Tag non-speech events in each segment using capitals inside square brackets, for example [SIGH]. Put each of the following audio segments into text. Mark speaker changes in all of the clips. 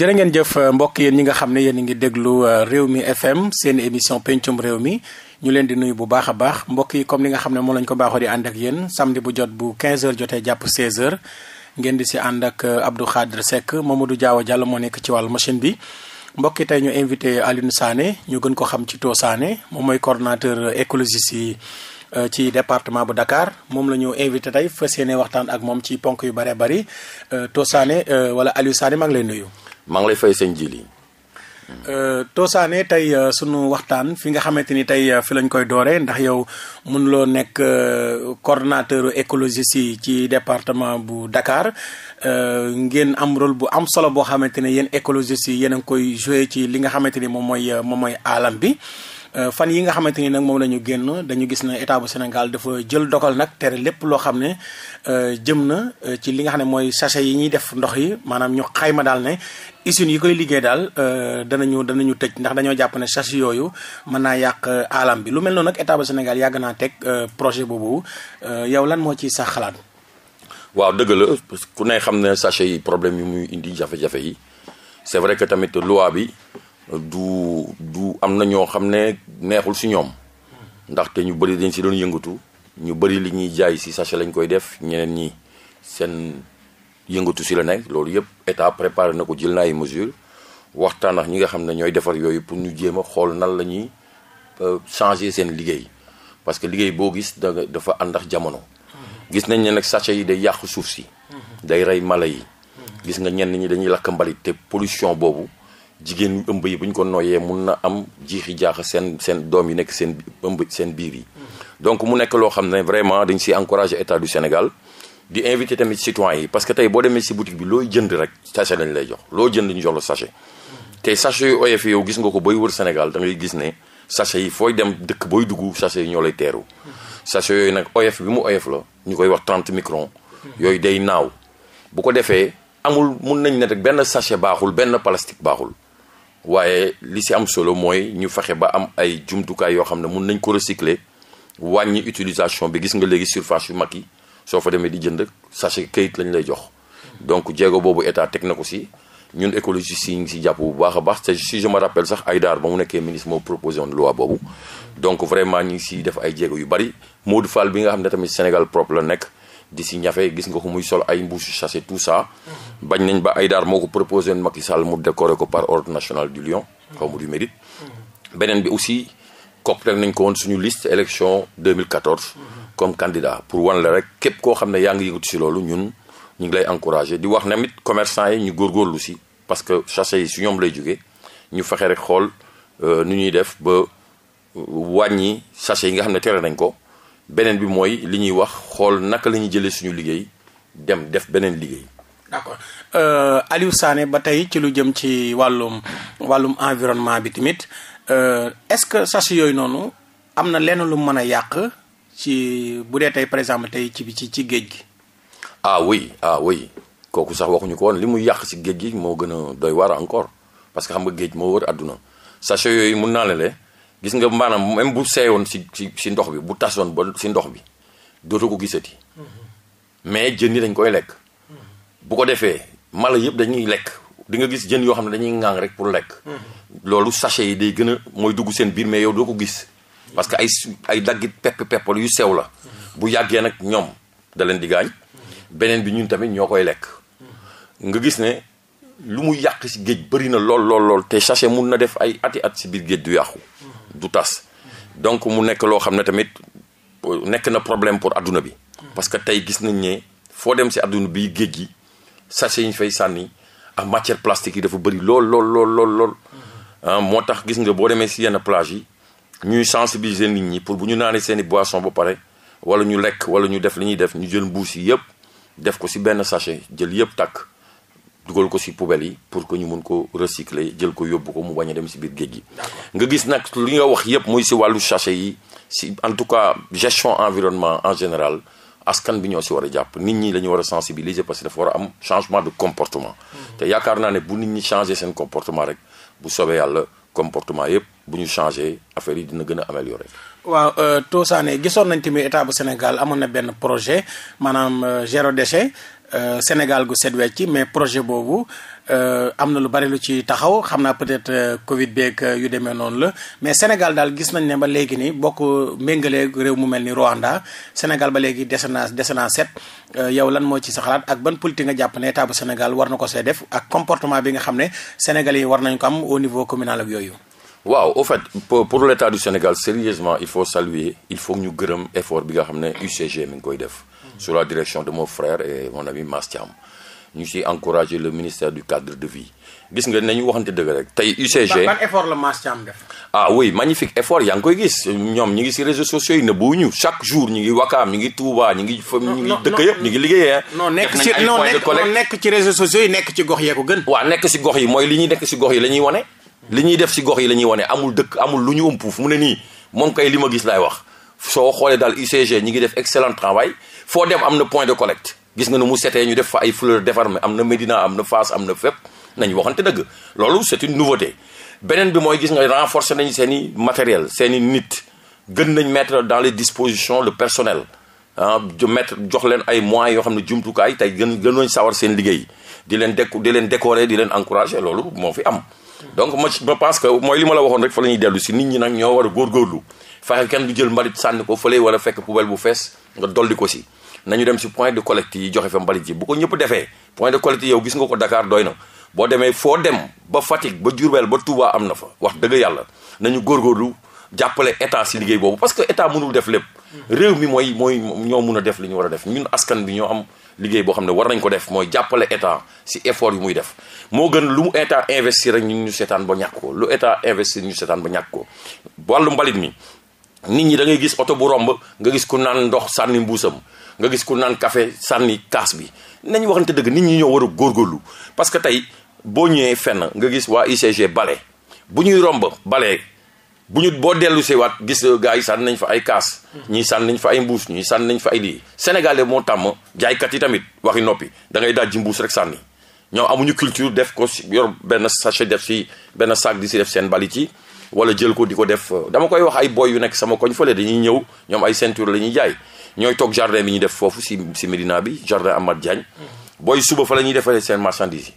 Speaker 1: jërë ngeen jëf euh, mbokk yéen ñi nga xam ne yéen a ngi déglu euh, réew mi FM seeni émission pencum réew mi ñu leen di nuyu bu baax a baax mbokk yi comme li nga xam ne moom lañ ko baaxoo di ànd ak yéen samedi bu jot bu 15h jotee jàpp 16h ngeen di si ànd ak euh, Abdou Khadre Seck Mamadou Diaw Diallo moo nekk ci wàllu machine bi. mbokk yi tey ñu invité Alioune Sané ñu gën ko xam ci too Sané moom mooy coordonnateur écologiste yi ci département bu Dakar moom la ñu invité tey fas yéene waxtaan ak moom ci ponk yu bëree bëri To wala Alioune Sané ngi lay nuyu.
Speaker 2: maa ngi lay fay sëñ Jili.
Speaker 1: Euh, Toosane tey euh, sunu waxtaan fi nga xamante ni tey euh, fi lañ koy dooree ndax yow mun loo nekk coordonnateur écologiste yi ci département bu Dakar ngeen am rôle bu am solo boo xamante ne yéen écologiste yi yéen a ngi koy joué ci li nga xamante ni moom mooy moom mooy alam bi. Euh, fan yi nga xamante ni nag moom la génn dañu gis ne état bu Sénégal dafa jël dogal nag tere lépp loo xam ne euh, jëm na euh, ci li nga xam ne mooy sachet yi ñuy def ndox yi maanaam ñu xayma daal ne usines yi koy liggéey daal danañu danañu tëj ndax dañoo jàpp ne sachet yooyu mën naa yàq alam bi lu mel noonu nag état bu Sénégal yàgg naa teg projet boobu yow lan moo ci sax xalaat.
Speaker 2: waaw dëgg la que ku ne xam ne sachet yi problème yi muy indi jafe-jafe yi c'est vrai que tamit loi bi. du du am na ñoo xam ne neexul si ñoom ndaxte ñu bëri dañ si doon yëngatu ñu bëri li ñuy jaay si sachet lañ koy def ñeneen ñi seen yëngatu si la nekk loolu yëpp état préparé na ko jël na ay mesures waxtaan ak ñi nga xam ne ñooy defar yooyu pour ñu jéem a xool nan la ñuy euh, changer seen liggéey parce que liggéey boo gis da dafa ànd ak jamono. gis nañ ne nag sachet yi day yàq suuf si. day rey mala yi. gis nga ñenn ñi dañuy lakk mbalit te polition boobu. jigéen ñu ëmb yi bu ñu ko noyee mun na am jiixi jaaxa seen seen doom yi nekk seen ëmb seen biir yi donc mu nekk loo xam ne vraiment dañ si encouragé état du Sénégal di invité tamit citoyens yi parce que tey boo demee si boutique bi looy jënd rek sachet lañ lay jox loo jënd ñu jox la sachet te sachet yu oyof yow gis nga ko booy wër Sénégal da ngay gis ne sachet yi fooy dem dëkk booy dugg sachet yi ñoo lay teeru sachet yooyu nag oyof bi mu oyof la ñu koy wax 30 micron yooyu day naaw bu ko defee amul mun nañ ne rek benn sachet baaxul benn plastique baaxul waaye li ci am solo mooy ñu faxe ba am ay jumtukaay yoo xam ne mun nañ ko recycler wàññi utilisation bi gis nga léegi surface yu mag yi soo fa demee di jënd sachet këyit lañ lay jox donc jéego boobu état teg na ko ñun écologistes yi ñu ngi ci jàpp bu baax a baax te si je me rappelle sax Aïdar ba mu nekkee ministre moo proposé woon loi boobu donc vraiment ñu ngi ciy def ay jéego yu bari Modou Fall bi nga xam ne tamit Sénégal prop la nekk di si ñafee gis nga ko muy sol ay mbuusu chassé tout ça. bañ nañ ba daar moo ko proposé woon Macky mu décoré ko par ordre national du Lion. xaw ma du mérite. beneen bi aussi coppiteel nañ ko woon suñu liste élection 2014. comme candidat pour wan la rek képp koo xam ne yaa ngi yëngatu si loolu ñun ñu ngi lay encouragé di wax namit commerçant yi ñu góor góorlu si parce que chassé yi su ñoom lay jógee ñu fexe rek xool euh, nu ñuy def ba euh, wàññi chassé yi nga xam ne tere nañ ko. beneen bi mooy li ñuy wax xool naka la ñuy jëlee suñu liggéey dem def beneen liggéey. d'accord euh, Aliou Sané ba tey
Speaker 1: ci lu jëm ci wàllum wàllum environnement bi tamit euh, est-ce que sas yooyu noonu am na lenn lu mën a yàq ci bu dee tey par exemple tey ci ci ci
Speaker 2: géej gi. ah oui ah oui kooku sax waxuñu ko woon li muy yàq si géej gi moo gën a doy waar encore parce que xam géej moo wër àdduna sachet yooyu mun naa la le gis nga maanaam même bu seeyoon si ci si ndox bi bu tasoon ba si ndox bi dootoo ko gisati mais jën yi dañ koy lekk bu ko defee mala yëpp dañuy lekk di nga gis jën yoo xam ne dañuy ŋaang rek pour lekk loolu sachet yi day gën a mooy dugg seen biir mais yow doo ko gis parce que ay ay daggit pepp peppal yu sew la bu yàggee nag ñoom da leen di gaañ beneen bi ñun tamit ñoo koy lekk nga gis ne lu mu yàq si géej bëri na lool lool lool te sachet mun na def ay ati at si biir géej du yàqu du tas donc mu nekk loo xam ne tamit nekk na problème pour adduna bi parce que tey gis nañ ne foo dem si adduna bi géej gi sachet yi ñu fay sànni ak matière plastique yi dafa bëri lool lool lool lool ah, moo tax gis nga boo demee si yenn plage yi ñuy sensibiliser nit ñi pour bu ñu naanee seen i boisson ba pare wala ñu lekk wala ñu def li ñuy def ñu jël mbuus yi yëpp def ko si benn sachet jël yëpp takk dugal ko si poubelle yi pour que ñu mun ko recycler jël ko yóbbu ko mu bañ a dem si biir géej gi. nga gis nag li nga wax yépp muy si wàllu sachet yi si en tout cas gestion environnement en général askan bi ñoo si war a jàpp nit ñi la war a sensibiliser parce que dafa war am changement de comportement. Mmh. te yaakaar naa ne bu nit ñi changer seen comportement rek bu soobee yàlla comportement yépp bu ñu changer affaire yi dina gën a améliorer.
Speaker 1: waaw euh, Tos Sané gisoon nañ tamit état bu Sénégal amoon na benn projet euh, Euh, Sénégal gu set wecc mais projet boobu euh, am na lu bari lu ci taxaw xam naa peut-être euh, Covid beeg yu demee noonu la mais Sénégal daal gis nañ ne ba léegi ni bokk méngaleeg réew mu mel ni Rwanda Sénégal ba léegi dese naa dese naa set yow lan moo ci sa xalaat ak ban politique nga jàpp ne état Sénégal war na ko see def ak comportement bi nga xam ne Sénégalais yi war nañ ko am au niveau communal ak yooyu.
Speaker 2: waaw au fait pour, pour l'état du Sénégal sérieusement il faut saluer il faut ñu gërëm effort bi xam ne mi ngi koy def. sous la direction de mon frère et mon ami Mass Thiam ñu ciy encouragé le ministère du cadre de vie gis nga nañu waxante dëgg rek tey UCG ban
Speaker 1: effort la Mass def
Speaker 2: ah oui magnifique effort yaa ngi koy gis ñoom ñi ngi si réseaux sociaux yi ne bu ñu chaque jour ñi ngi Wakaam ñi ngi Touba ñi ngi fa ñi ngi dëkk yëpp ñi ngi liggéeyee non nekk ci non nekk ci réseaux sociaux yi nekk ci gox yee ko gën waaw nekk ci gox yi mooy li ñuy nekk si gox yi la ñuy wane li ñuy def si gox yi lañuy wane amul dëkk amul lu ñu ëmpuuf mu ne nii moom kay li ma gis laay wax soo xoolee daal UCG ñi ngi def excellent travail foo dem am na point de collect gis nga nu mu setee ñu def fa ay fleurs déformées am na Médina am na Fass am na fépp nañ waxante dëgg loolu c'est une nouveauté beneen bi mooy gis nga renforcer nañ seen i matériel seeni i nit gën nañ mettre dans les dispositions le personnel ah mettre jox leen ay moyens yoo xam ne jumtukaay tey gën gën nañ sawar seen liggéey di leen déco di leen décorer di leen encourager loolu moo fi am donc ma je que mooy li ma la waxoon rek fa la ñuy dellu si nit ñi nag ñoo war a góorgóorlu fexe kenn du jël mbalit sànni ko fële wala fekk poubelle bu fees nga dolli ko si nañu dem si point de collecte yi joxe fa mbalit yi bu ko ñëpp defee point de collecte yow gis nga ko Dakar doy na boo demee foo dem ba Fatick ba Diourbel ba Touba am na fa wax dëgg yàlla nañu góorgóorlu jàppale état si liggéey boobu parce que état mënul def lépp réew mi mooy mooy ñoo mun a def li ñu war a def ñun askan bi ñoo am liggéey boo xam ne war nañ ko def mooy jàppale état si effort yu muy def moo gën lu mu état investir rek ñun ñu seetaan ba ñàkk ko lu état investir ñu seetaan ba ñàkk ko wàllu mbalit mi nit ñi da ngay gis oto bu romb nga gis ku naan ndox sànni mbuusam nga gis ku naan kafe sànni kaas bi nañ waxante dëgg nit ñi ñoo war a góorgóorlu parce que tey boo ñëwee fenn nga gis waa UCG bale bu ñuy romb bale bu ñu boo dellu seewaat gis gars yi sànni nañ fa ay kaas ñii sànni nañ fa ay mbuus ñii sànni nañ fa ay lii sénégalais moo tàmm jaaykat yi tamit waxi noppi dangay ngay ji mbuus rek sànni ñoom amuñu culture def ko yor benn sachet def si benn sac di def seen balit wala jël ko di ko def euh, dama koy wax ay boy yu nekk sama koñ fële dañuy ñëw ñoom ay ceinture la ñuy jaay ñooy toog jardin bi ñu def foofu si si Médina bi jardin Amath Diagne mm-hmm. booy suba fa la ñuy defee seen marchandise yi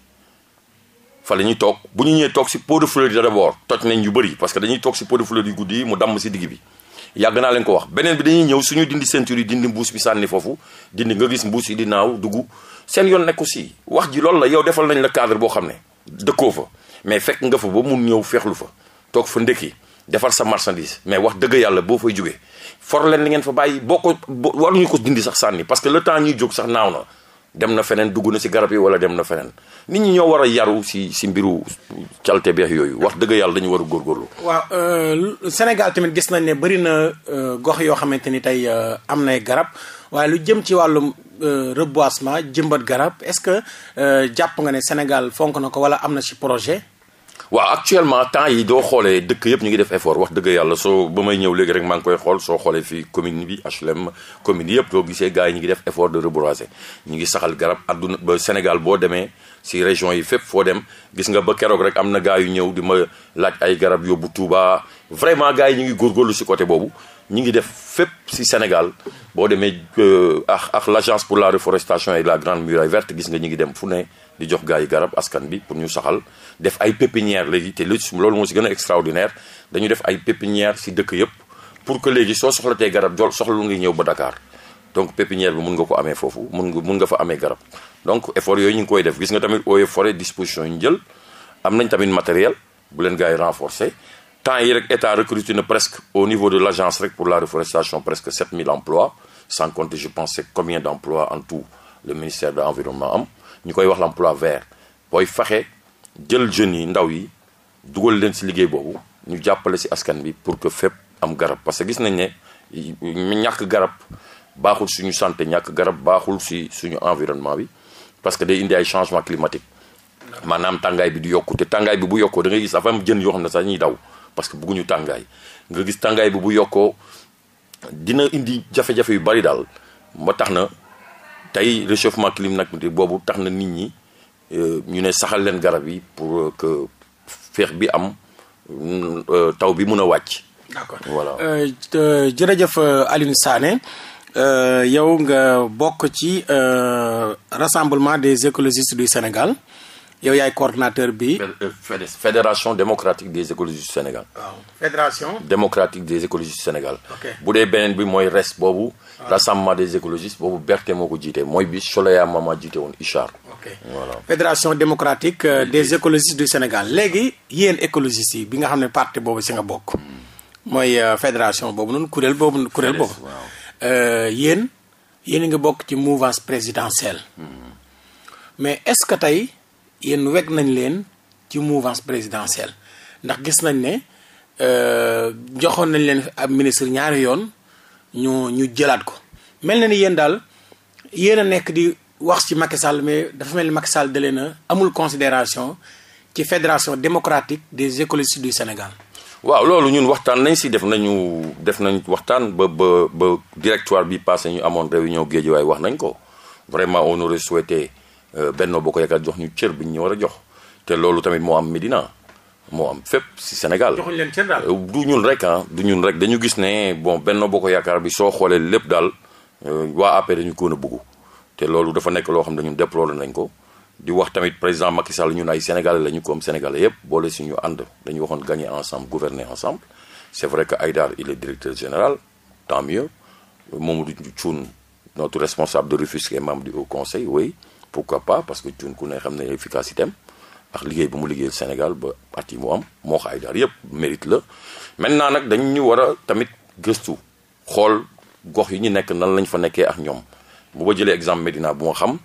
Speaker 2: fa la ñuy toog bu ñu ñëwee toog si pot de fleurs yi d'abord toj nañ yu bëri parce que dañuy toog si pot de fleurs yu guddi yi mu damm si digg bi yàgg naa leen ko wax beneen bi dañuy ñëw suñu dindi ceinture yi dindi mbuus bi sànni foofu dindi nga gis mbuus yi di naaw dugg seen yoon nekk aussi wax ji loolu la yow defal nañ la cadre boo xam ne dëkkoo fa mais fekk nga fa ba mun ñëw fa toog fa ndékki defar sa marchandise mais wax dëgg yàlla boo fay jógee for leen li ngeen fa bàyyi boo ko waruñu ko dindi sax sànni parce que le temps ñuy jóg sax naaw na dem na feneen dugg na si garab yi wala dem na feneen nit ñi ñoo war a yaru si si mbiru calte yooyu wax dëgg yàlla dañu war a góorgóorlu. waaw
Speaker 1: euh, Sénégal tamit gis nañ ne bëri na euh, gox yoo xamante ni tey euh, am nay garab waaye lu jëm ci wàllum reboisement jëmbat garab est-ce que jàpp nga ne Sénégal fonk na ko wala am na si projet.
Speaker 2: waaw actuellement temps yi doo xoolee dëkk yëpp ñu ngi def effort wax dëgg yàlla soo ba may ñëw léegi rek maa ngi koy xool soo xoolee fii commune bi HLM commune yëpp doo gisee gars yi ñu ngi def effort de reboiser ñu ngi saxal garab adduna ba Sénégal boo demee si région yi fépp foo dem gis nga ba keroog rek am na gars yu ñëw di ma laaj ay garab yóbbu Touba vraiment gars yi ñu ngi góorgóorlu si côté boobu ñi ngi def fépp ci Sénégal boo demee euh, ak ak l'agence pour la reforestation et la grande muraille verte gis nga ñi ngi dem fu ne di jox gaa yi garab askan bi pour ñu saxal def ay pépinière léegi te lu loolu moo si gën a extraordinaire dañu def ay pépinière si dëkk yëpp pour que léegi soo soxlatee garab jol soxla ngi ñëw ba dakaar donc pépinière bi mun nga ko amee foofu mun nga mun fa amee garab donc effort yooyu ñu ngi koy def gis nga tamit Eaux et Forêts disposition jël am nañ tamit matériel bu leen gaa yi renforcer temps yi rek état recruté na presque au niveau de l' agence rek pour la reforestation presque 7000 emplois sans compter je pense c'est combien d' en tout le ministère de l'environnement am ñu koy wax l' emploi vert booy faxe jël jeunes yi ndaw yi dugal leen si liggéey boobu ñu jàppale si askan bi pour que fépp am garab parce que gis nañ ne ñàkk garab baaxul suñu santé ñàkk garab baaxul si suñu environnement bi parce que day indi ay changement climatique maanaam tàngaay bi di yokku te tàngaay bu yokkoo da ngay gis jën yoo xam ne sax ñuy daw parce que bëgguñu tàngaay nga gis tàngaay bi bu yokkoo dina indi jafe-jafe yu bari daal ba tax na tey réchauffement climatique boobu tax na nit ñi euh, ñu ne saxal leen garab yi pour que feex bi am euh, taw bi mun a wàcc. d'accord voilà
Speaker 1: euh, jërëjëf Alioune Sané yow nga bokk ci rassemblement des écologistes du Sénégal. yow yaay coordinateur bi.
Speaker 2: FEDES euh, fédération démocratique des écologistes du Sénégal. waaw fédération. des écologistes Sénégal. bu dee beneen bi mooy res boobu. Ah. rassemblement des écologistes boobu Berté moo ko jiite mooy bi Soleya Mama jiite woon Ichar. ok voilà fédération démocratique euh, des écologistes
Speaker 1: du Sénégal léegi yéen écologistes yi bi nga xam ne parti boobu si nga bokk. Hmm. mooy euh, fédération boobu noonu kuréel boobu. kuréel boobu yéen yéen a ngi bokk ci mouvance présidentielle. Hmm. mais est-ce que tey. yéen weg nañ leen ci mouvance présidentielle ndax gis nañ ne euh, joxoon nañ leen ab ministre ñaari yoon ñu ñu jëlaat ko mel na ni yéen daal yéen a nekk di wax ci Macky Sall mais dafa mel ni Macky Sall da leen amul considération ci fédération démocratique des écologistes du Sénégal.
Speaker 2: waaw loolu ñun waxtaan nañ si def nañu def nañ waxtaan ba ba ba directoire bi passé ñu amoon réunion waaye wax nañ ko vraiment on aurait souhaité Euh, Benno Bokk Yaakaar jox ñu cër bi ñu war a jox te loolu tamit moo am Médina moo am fépp si Sénégal joxuñ leen cër euh, du ñun rek ah du ñun rek dañu gis ne bon Benno Bokk Yaakaar bi soo xoolee lépp daal euh, waa APR dañu ko gën a bëgg te loolu dafa nekk loo xam ne ñun déploré nañ ko di wax tamit président Macky Sall ñun ay sénégalais lañu comme sénégalais yëpp boole suñu ànd dañu waxoon gagner ensemble gouverner ensemble c'est vrai que Aïdar il est directeur général tant mieux Mamadou Thioune notre responsable de Rufisque et membre du Haut Conseil oui pourquoi pas parce que Thioune ku ne xam ne efficacité am ak liggéey bu mu liggéeyal Sénégal ba at yi mu am moo xaay ay daal yëpp mérite la maintenant nag dañ ñu war a tamit gëstu xool gox yi ñu nekk nan lañ fa nekkee ak ñoom bu ba jëlee exemple Médina bu ma xam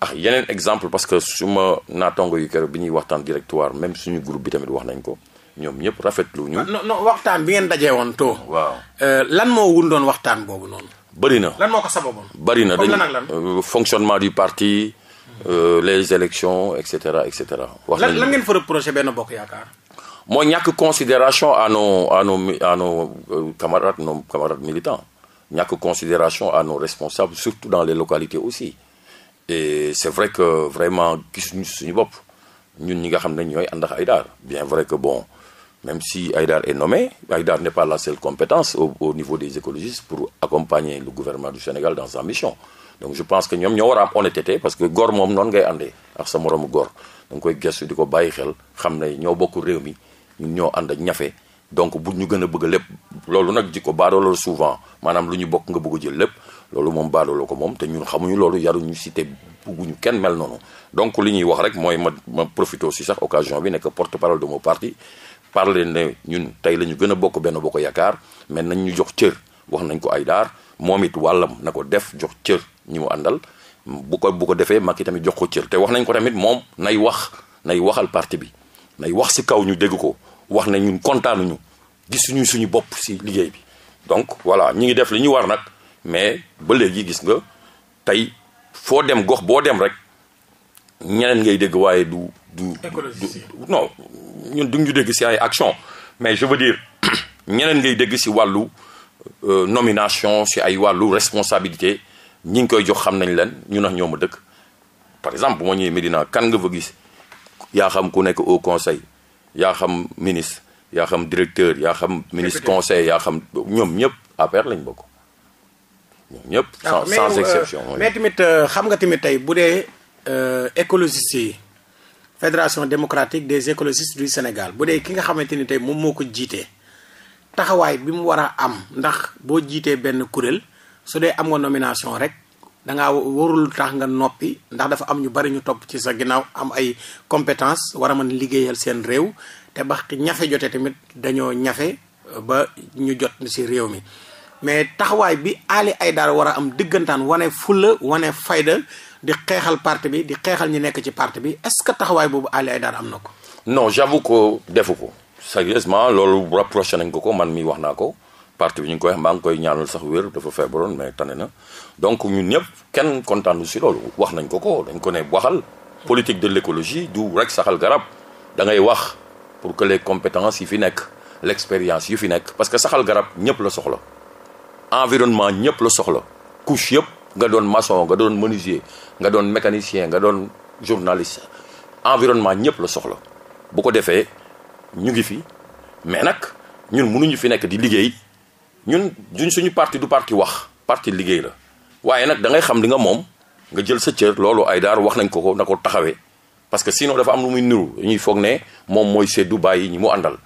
Speaker 2: ak yeneen exemple parce que su ma naatongo yu kër bi ñuy waxtaan directoire même suñu groupe bi tamit wax nañ ko ñoom ñëpp rafetlu ñu. Ah, non non waxtaan bi ngeen dajee woon too. waaw
Speaker 1: euh, lan moo doon waxtaan boobu noonu. bëri na lan moo ko sababoon. na dañ
Speaker 2: euh, fonctionnement parti. Euh, les élections et cetera et cetera. wax nañu lan ngeen
Speaker 1: fa reproché benn bokk yaakaar.
Speaker 2: moo ñàkk considération à nos à nos à nos euh, camarades nos camarades militants ñàkk considération à nos responsables surtout dans les localités aussi et c'est vrai que vraiment gisuñu suñu bopp ñun ñi nga xam ne ñooy ànd ak Aïdar bien vrai que bon même si Aïdar est nommé Aïdar n'est pas la seule compétence au, au niveau des écologistes pour accompagner le gouvernement du Sénégal dans sa mission donc je pense que ñoom ñoo war a am honnêteté parce que góor moom noonu ngay àndee ak sa moroomu góor da koy gestu di ko bàyyi xel xam ne ñoo bokk réew mi ñun ñoo ànd ak ñafe donc bu ñu gën a bëgg lépp loolu nag jikko baadoolo souvent maanaam lu ñu bokk nga bëgg jël lépp loolu moom baadoolo ko moom te ñun xamuñu loolu yaruñu cité bugguñu kenn mel noonu donc li ñuy wax rek mooy ma ma profité aussi sax occasion bi nekk porte parole de mon parti parler ne ñun tey la ñu gën a bokk benn bokk yaakaar mais nañ ñu jox cër wax nañ ko ay daar moom it wàllam na ko def jox cër ñi mu àndal bu ko bu ko defee Macky tamit jox ko cër te wax nañ ko tamit moom nay wax nay waxal parti bi nay wax si kaw ñu dégg ko wax ne ñun kontaanuñu gisuñu suñu bopp si liggéey bi donc voilà ñi ngi def li ñu war nag mais ba léegi gis nga tey foo dem gox boo dem rek ñeneen ngay dégg waaye du du non ñun du ñu dégg si ay action mais je veux dire [CLEARS THROAT] ñeneen ngay dégg si wàllu Euh, nomination si ay wàllu responsabilité ñi ngi koy jox xam nañ leen ñu nax ñoom a dëkk par exemple moo ma ñëwee Médina kan nga fa gis yaa xam ku nekk au conseil yaa xam ministre yaa xam directeur yaa xam ministre conseil yaa xam ñoom ñëpp affaire lañ bokk ñoom ñëpp ah, sans sans euh, exception mais
Speaker 1: tamit euh, xam nga tamit tey bu dee écologistes yi fédération démocratique des écologistes du Sénégal bu dee ki nga xamante ni tey moom moo ko jiitee taxawaay bi mu war a am ndax boo jiitee benn kuréel su dee am nga nomination rek da ngaa warul tax nga noppi ndax dafa am ñu bari ñu topp ci sa ginnaaw am ay compétence war a mën liggéeyal seen réew te ba ñafe jotee tamit dañoo ñafe euh, ba ñu jot si réew mi mais taxawaay bi Ali Aïdara war a am diggantaan wane fulla wane fayda di xeexal parti bi di xeexal ñu nekk ci parti bi est-ce que taxawaay boobu Ali Aïdara am na ko
Speaker 2: non j'avoue ko defu ko sérieusement loolu rapproché nañ ko ko man mi wax naa ko parti bi ñu ngi koy wax maa ngi koy ñaanal sax wér dafa feebaroon mais tane na donc ñun ñëpp kenn kontaanu si loolu wax nañ ko ko dañ ko ne waxal politique de l'écologie du rek saxal garab da ngay wax pour que les compétences yi fi nekk l'expérience yu fi nekk parce que saxal garab ñëpp la soxla environnement ñëpp la soxla couche yëpp nga doon mason nga doon menuisier nga doon mécanisien nga doon journaliste environnement ñëpp la soxla bu ko defee ñu ngi fi mais nag ñun mënuñu fi nekk di liggéey ñun duñ suñu parti du parti wax parti liggéey la waaye nag da ngay xam li nga moom nga jël sa cër loolu ay daar wax nañ ko ko na ko taxawee parce que sinon dafa am lu muy niru ñuy foog ne moom mooy seddu bàyyi ñi mu àndal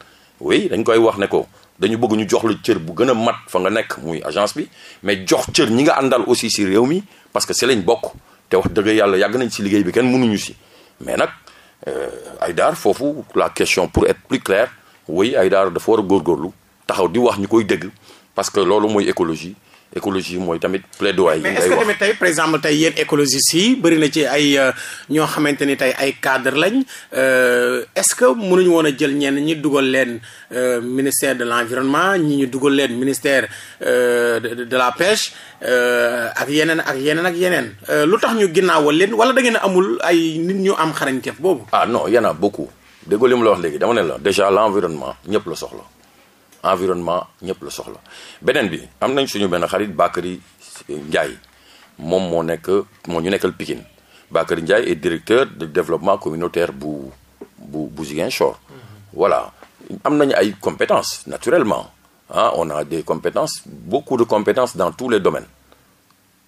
Speaker 2: oui dañ koy wax ne ko dañu bëgg ñu jox la cër bu gën a mat fa nga nekk muy agence bi mais jox cër ñi nga àndal aussi si réew mi parce que si lañ bokk te wax dëgg yàlla yàgg nañ si liggéey bi kenn mënuñu si Euh, ay daar foofu la question pour être plus woy ay Aïdar dafa war a góorgóorlu taxaw di wax ñu koy dégg parce que loolu mooy écologie écologie mooy tamit plaidoyer. mais est-ce que tamit
Speaker 1: tey par exemple tey yéen écologistes yi bëri na ci ay euh, ñoo xamante ni tey ay cadre lañ euh, est-ce que mënuñu woon a jël ñenn ñi dugal leen euh, ministère de l'environnement ñi ñu dugal leen ministère de la pêche ak yeneen ak yeneen ak yeneen lu
Speaker 2: tax ñu ginnaawal leen wala da ngeen amul ay nit ñu am xarañteef boobu. ah non y en a beaucoup déggoo li mu la wax léegi dama ne la déjà l'environnement ñëpp la soxla. environnement ñëpp la soxla beneen bi am nañ suñu benn xarit Bakary Ndiaye moom moo nekk moo ñu nekkal Pikine Bakary Ndiaye est directeur de développement communautaire bu bu bu Ziguinchor mhm. voilà am nañu ay compétences naturellement ah on a des compétence beaucoup de compétences dans tous les domaines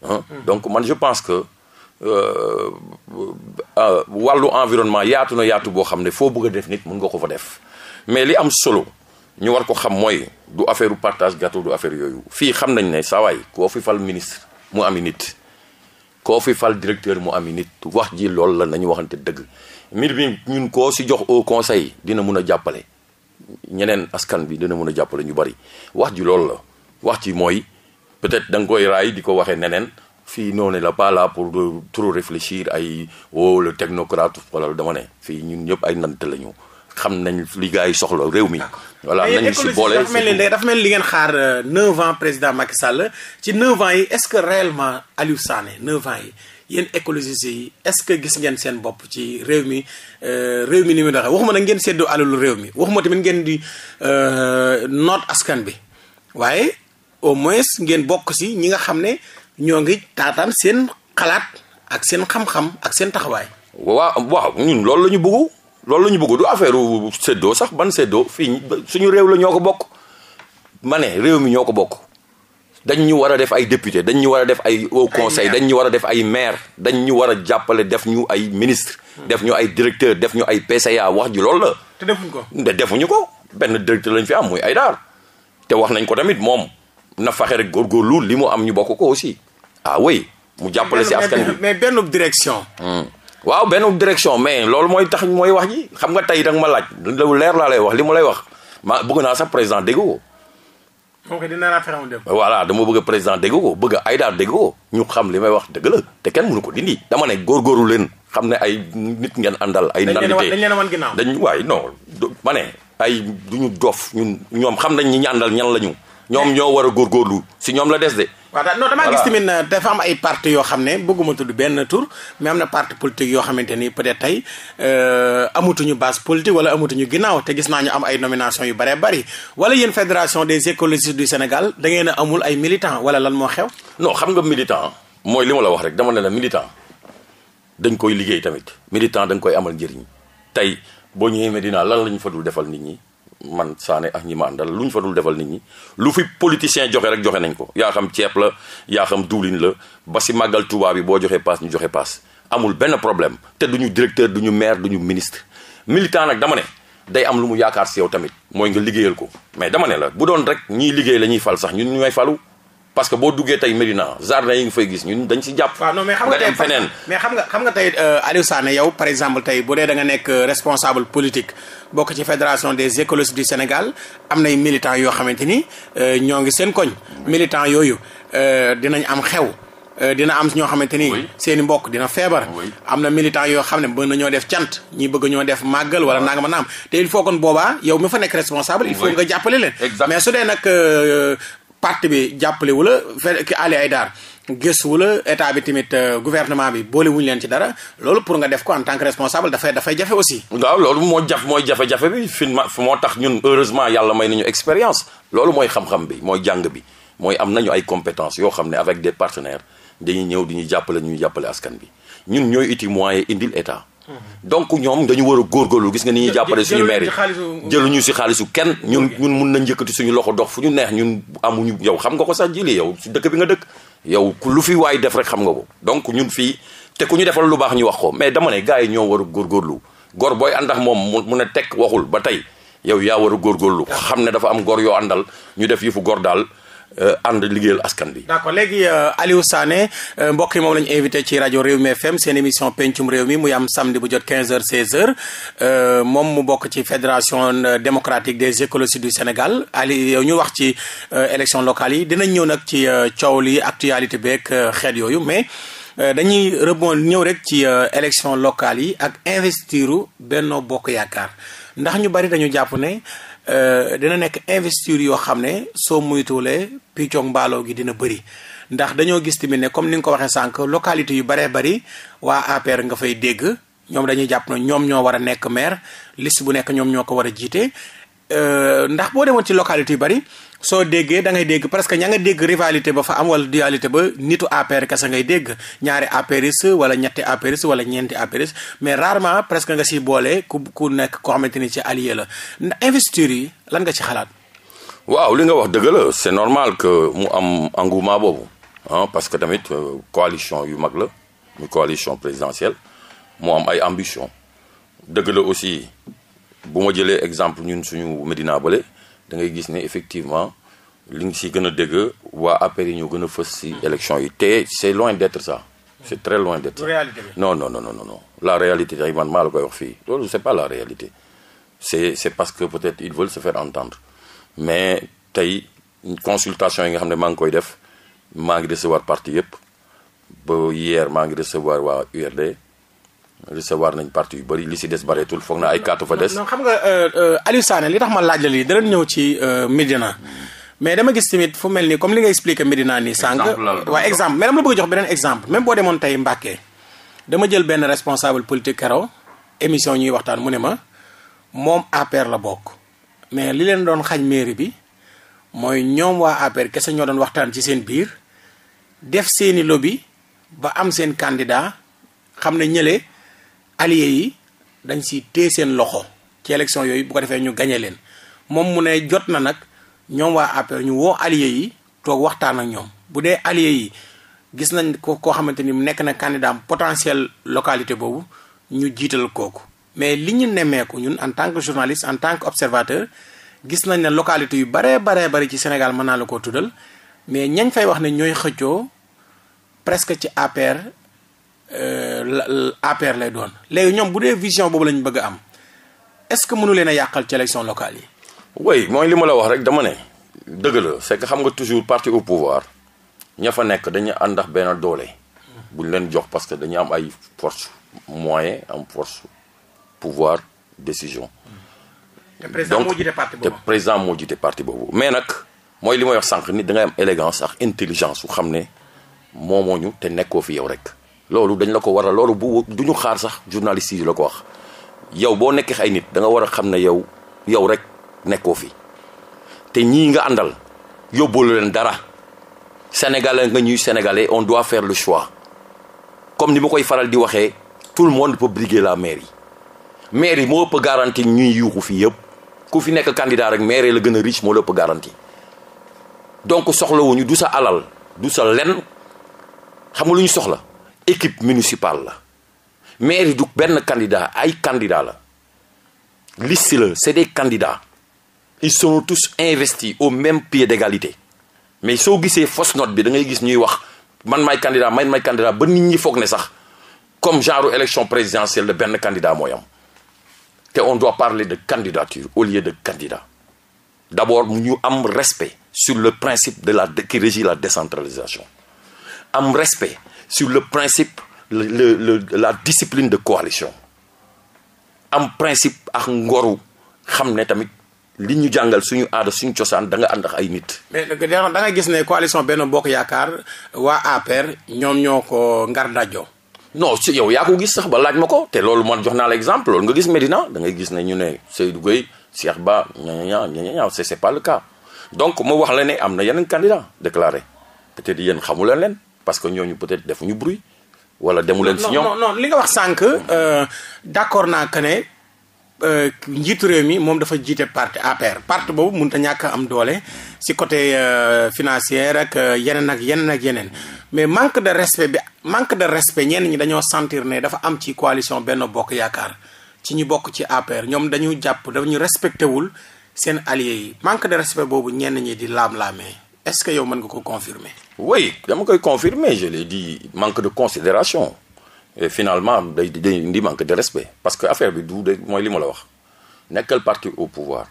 Speaker 2: ah donc man je pense que euh, euh, wàllu environnement yaatu na yaatu boo xam ne foo bëgg a def nit mën nga ko fa def mais li am solo ñu war ko xam mooy du affaire partage gâteau du affaire yooyu fii xam nañ ne sawaay koo fi fal ministre mu ami nit koo fi fal directeur mu ami nit wax ji loolu la nañu waxante dëgg mbir bi ñun koo si jox au conseil dina mën a jàppale ñeneen askan bi dina mun a jàppale ñu bari wax ji loolu la wax ji mooy peut-être da nga koy raay di ko waxee neneen fii noone la pas là pour trop réfléchir ay oh le technocrate wala dama ne fii ñun ñëpp ay nant lañu xam nañ li gars yi soxla réew mi. voilà nañu si boole dafa mel ni
Speaker 1: dafa mel li ngeen xaar 9 euh, ans président Macky Sall ci 9 ans yi est-ce que réellement Aliou Sané 9 ans yi. yéen écologie yi est-ce que gis ngeen seen bopp ci réew mi euh, réew mi ni muy doxee waxuma na ngeen séddoo alalu réew mi waxuma tamit ngeen di euh, noot askan bi waaye au moins ngeen bokk si ñi nga xam ne ñoo ngi taataan seen xalaat ak seen xam-xam ak seen taxawaay.
Speaker 2: waaw waaw loolu la ñu loolu la ñu bëgg du affaire séddoo sax ban séddoo fii suñu réew la ñoo ko bokk ma ne réew mi ñoo ko bokk dañ ñu war a def ay député dañ war a def ay au conseil dañu war a def ay maire dañ ñu war a jàppale def ñu ay ministre hmm. def ñu ay directeur def ñu ay PCA wax ji loolu la. te defuñ ko te defuñu ko benn directeur lañ fi am muy ay daar te wax nañ ko tamit moom na faxe rek lu li mu am ñu bokk ko aussi ah oui mu jàppale si askan bi mais benn direction. Hmm. waaw benn direction mais loolu mooy tax mooy wax ji xam nga tey danga ma laaj lu leer laa lay wax li ma lay wax maa bëgg naa sax président dégg ko.
Speaker 1: ok dina la fexe
Speaker 2: dama bëgg président dégg ko bëgg Aïda dégg ko ñu xam li may wax dëgg la te kenn mënu ko dindi. dama ne góorgóorlu leen xam ne ay nit ngeen àndal. ay nandite dañ leen wan ginnaaw dañ waay non ma ne ay du ñu dof ñun ñoom xam nañ ñi ñu àndal ñan la ñu. ñoom ñoo war góor góorlu si ñoom la des de. waaw
Speaker 1: non damaa gis tamit dafa am ay parti yoo xam ne bëgguma tudd benn tur mais am na parti politique yoo xamante ni peut-être tey euh, amatuñu base politique wala amatuñu ginnaaw te gis naa ñu am ay nomination yu bëree bari wala yéen fédération des écologistes du Sénégal da ngeen amul ay militants wala lan moo xew.
Speaker 2: non xam nga militant mooy li ma la wax rek dama ne la militant dañ koy liggéey tamit militant dañ koy amal njëriñ tey boo ñu ñëwee dinaa lan la fa dul defal nit ñi. man Sané ak ñi ma àndal lu ñu fa dul defal nit ñi lu fi politicien joxe rek joxe nañ ko yaa xam ceeb la yaa xam duulin la ba si màggal tubaab yi boo joxee paas ñu joxe paas amul benn problème te duñu directeur duñu maire ñu ministre militant nag dama ne day am lu mu yaakaar si yow tamit mooy nga liggéeyal ko mais dama ne la bu doon rek ñiy liggéey la ñuy fal sax ñun ñooy falu parce que boo duggee tey Médina jardin yi nga fay gis ñun dañ si jàpp. waaw non mais xam nga tey feneen.
Speaker 1: mais xam nga xam nga tey euh, Aliou Sané par exemple tey bu dee da nga nekk euh, responsable politique bokk ci fédération des écologistes du Sénégal am nay militants yoo xamante ni euh, ñoo ngi seen koñ. militants yooyu dinañ am xew. dina am ñoo xamante ni seen i mbokk dina feebar am na militant yoo xam ne bëgg na ñoo def cant ñi bëgg ñoo def màggal wala nangama naam te il faut kon boobaa yow mi fa nekk responsable il faut nga jàppale leen mais su dee nag parti bi jàppale wu la fekk Ali Haïdar gis wu état bi tamit euh, gouvernement bi boole wuñu leen ci dara loolu pour nga def ko en tant que responsable dafay dafay jafe aussi.
Speaker 2: waaw loolu moo jaf mooy jafe-jafe bi fi moo tax ñun heureusement yàlla may nañu expérience loolu mooy xam-xam bi mooy jàng bi mooy am nañu ay compétences yoo xam ne avec des partenaires dañuy ñëw di ñu jàppale ñu jàppale askan bi ñun ñooy uti moyen indil état. donc ñoom dañu war a góorgóorlu gis nga ni ñuy jàppale suñu maire yi jëluñu si xaalisu kenn ñun ñun mun na njëkkati suñu loxo dox fu ñu neex ñun amuñu yow xam nga ko sax jili yow si dëkk bi nga dëkk yow lu fi waay def rek xam nga ko donc ñun fii te ku ñu defal lu baax ñu wax ko mais dama ne gars yi ñoo war a góorgóorlu gor booy àndax moom mu ne tekk waxul ba tey yow yaa war a góorlu xam ne dafa am gor yoo àndal ñu def fu gor daal Euh, ànd liggéeyal askan bi.
Speaker 1: d'accord léegi euh, Aliou Sané euh, mbokk yi moom la invité ci rajo Réew mi FM seen émission pencum réew mi muy am samedi bu jot 15h 16h moom mu bokk ci fédération démocratique des écologistes du Sénégal Ali ñu wax ci élection locale yi dinañ ñëw nag ci coow li actualité beeg xeet yooyu mais. dañuy rebond ñëw rek ci élection locale yi ak investiru Benno Bokk Yaakaar ndax ñu bari dañu jàpp ne Euh, dina nekk investiture yoo xam ne soo muytuwulee piccog mbaaloo gi dina bëri ndax dañoo gis timit ne comme ni nga ko waxee sànq localité yu baree bari waa APR nga fay dégg ñoom dañuy jàpp na ñoom ñoo war a nekk maire liste bu nekk ñoom ñoo ko war a jiite euh, ndax boo demoon ci localité yu bari soo déggee da ngay dégg parce que ña nga dégg rivalité ba fa am wala dualité ba nitu APR kese ngay dégg ñaari APRiste wala ñetti APRiste wala ñeenti APRiste mais rarement presque nga si boole ku ku nekk koo xamante ni ci allié la investiture yi lan nga ci xalaat.
Speaker 2: waaw li nga wax dëgg la c'est normal que mu am engouement boobu ah parce que tamit euh, coalition yu mag la muy coalition présidentielle mu am ay ambition dëgg la aussi bu ma jëlee exemple ñun suñu Medina Bale da ngay gis ne effectivement li nga si gën a dégg waa APR yi ñu gën a fës si élection yi te c'est loin d'être ça c'est très loin d'être ça non non non non non la réalité tey man maa la koy wax fii loolu c'est pas la réalité c'est parce que peut-être ils veulent se faire entendre mais tey consultation yi nga xam ne maa ngi koy def maa ngi recevoir partie yëpp ba hier maa ngi recevoir waa URD recevoir nañ parti yu bëri li si des bëreetul foog na ay kàttu fa des. xam nga
Speaker 1: euh, euh, Aliou Sané li tax ma laaj la lii danañ ñëw ci euh, Médina mais dama gis tamit fu mel ni comme li nga expliqué Médina nii. sànq waa exemple mais dama la bëgg jox beneen exemple même boo demoon tey Mbàkke dama jël benn responsable politique keroog émission ñuy waxtaan mu ne ma moom APR la bokk mais li leen doon xañ mairie bi mooy ñoom waa APR kese ñoo doon waxtaan ci seen biir def seeni lobby ba am seen candidat xam ne ñële. alliés yi dañ si téye seen loxo ci élection yooyu bu ko defee ñu gañee leen moom mu ne jot na nag ñoom waa APR e ñu woo alliés yi toog waxtaan ak ñoom bu dee alliés yi gis nañ ko koo xamante ni mu nekk na candidat potentiel localité boobu ñu jiital kooku mais li ñu nemmeeku ñun en tant que journaliste en tant que observateur gis nañ ne localité yu baree baree bari ci Sénégal mën naa la koo tuddal mais ñañ fay wax ne ñooy xëccoo presque ci APR e Euh, APR lay doon léegi ñoom bu dee vision boobu lañ bëgg a am est-ce que mënu leen a yàqal ci élection locale yi.
Speaker 2: oui mooy li ma la wax rek dama ne dëgg la c'est que xam nga toujours parti au pouvoir ña fa nekk dañu ànd ak benn doole. buñ leen jox parce que dañu am ay force moyen am force pouvoir décision.
Speaker 1: te président moo jiite parti te
Speaker 2: président moo jiite parti boobu mais nag mooy li may wax sànq nit da am élégance ak intelligence su xam ne moomoo ñu te nekkoo fi yow rek. loolu dañu la ko war a loolu bu du ñu xaar sax journaliste yi la ko wax yow boo nekkee ay nit danga war a xam ne yow yow rek nekkoo fi te ñii nga àndal yóbbalu leen dara sénégalais nga ñuy sénégalais on doit fair le choix comme ni ma koy faral di waxee tout le monde peut briguer la mairie mairie moo ëpp garanti ñuy yuuxu fii yëpp ku fi nekk candidat rek mairie la gën a riche moo la ëpp garantie donc soxlawuñu du sa alal du sa len xam nga lu ñu soxla. équipe municipale la mairie du benn candidat ay candidat la liste la c'est des candidats ils sont tous investis au même pied d'égalité mais soo gisee fausse note bi da ngay gis ñuy wax man maay candidat man maay candidat ba nit ñi foog ne sax comme genre élection présidentielle de benn candidat mooy am te on doit parler de candidature au lieu de candidat d'abord ñu am respect sur le principe de la qui régit la décentralisation am respect sur le principe le, le, le la discipline de coalition am principe ak ngoru xam ne tamit li ñu jàngal suñu aada suñu cosaan danga nga ay nit.
Speaker 1: mais da nga gis ne coalition benn bokk yaakaar waa APR ñoom ñoo ko ngar dajoo.
Speaker 2: no si yow yaa ko gis sax ba laaj ma ko te loolu man jox naa la exemple loolu nga gis Medina dangay gis ne ñu ne Seydou Gueye Cheikh Ba ña ña ña c'est pas le cas donc moo wax la ne am na yeneen candidat déclaré peut-être xamu leen leen. parce que ñooñu peut-être def ñu bruit wala demuleen si ñoom non
Speaker 1: non li nga wax sànq. Euh, d'accord naa que ne euh, njiitu réew mi moom dafa jiite parti APR parti boobu mënut a ñàkk am doole si côté euh, financière ak yeneen ak yeneen ak yeneen mais manque de respect bi manque de respect ñenn ñi dañoo sentir ne dafa am ci coalition benn Bokk Yaakaar ci ñu bokk ci APR ñoom dañu jàpp dañu respecté wul seen alliés yi manque de respect boobu ñenn ñi di laam-laamee. est-ce que yow mën nga ko confirmer.
Speaker 2: oui dama koy confirmer je l'ai dit manque de considération et finalement day day indi manque de respect parce que affaire bi du de mooy li ma la wax nekkal parti au pouvoir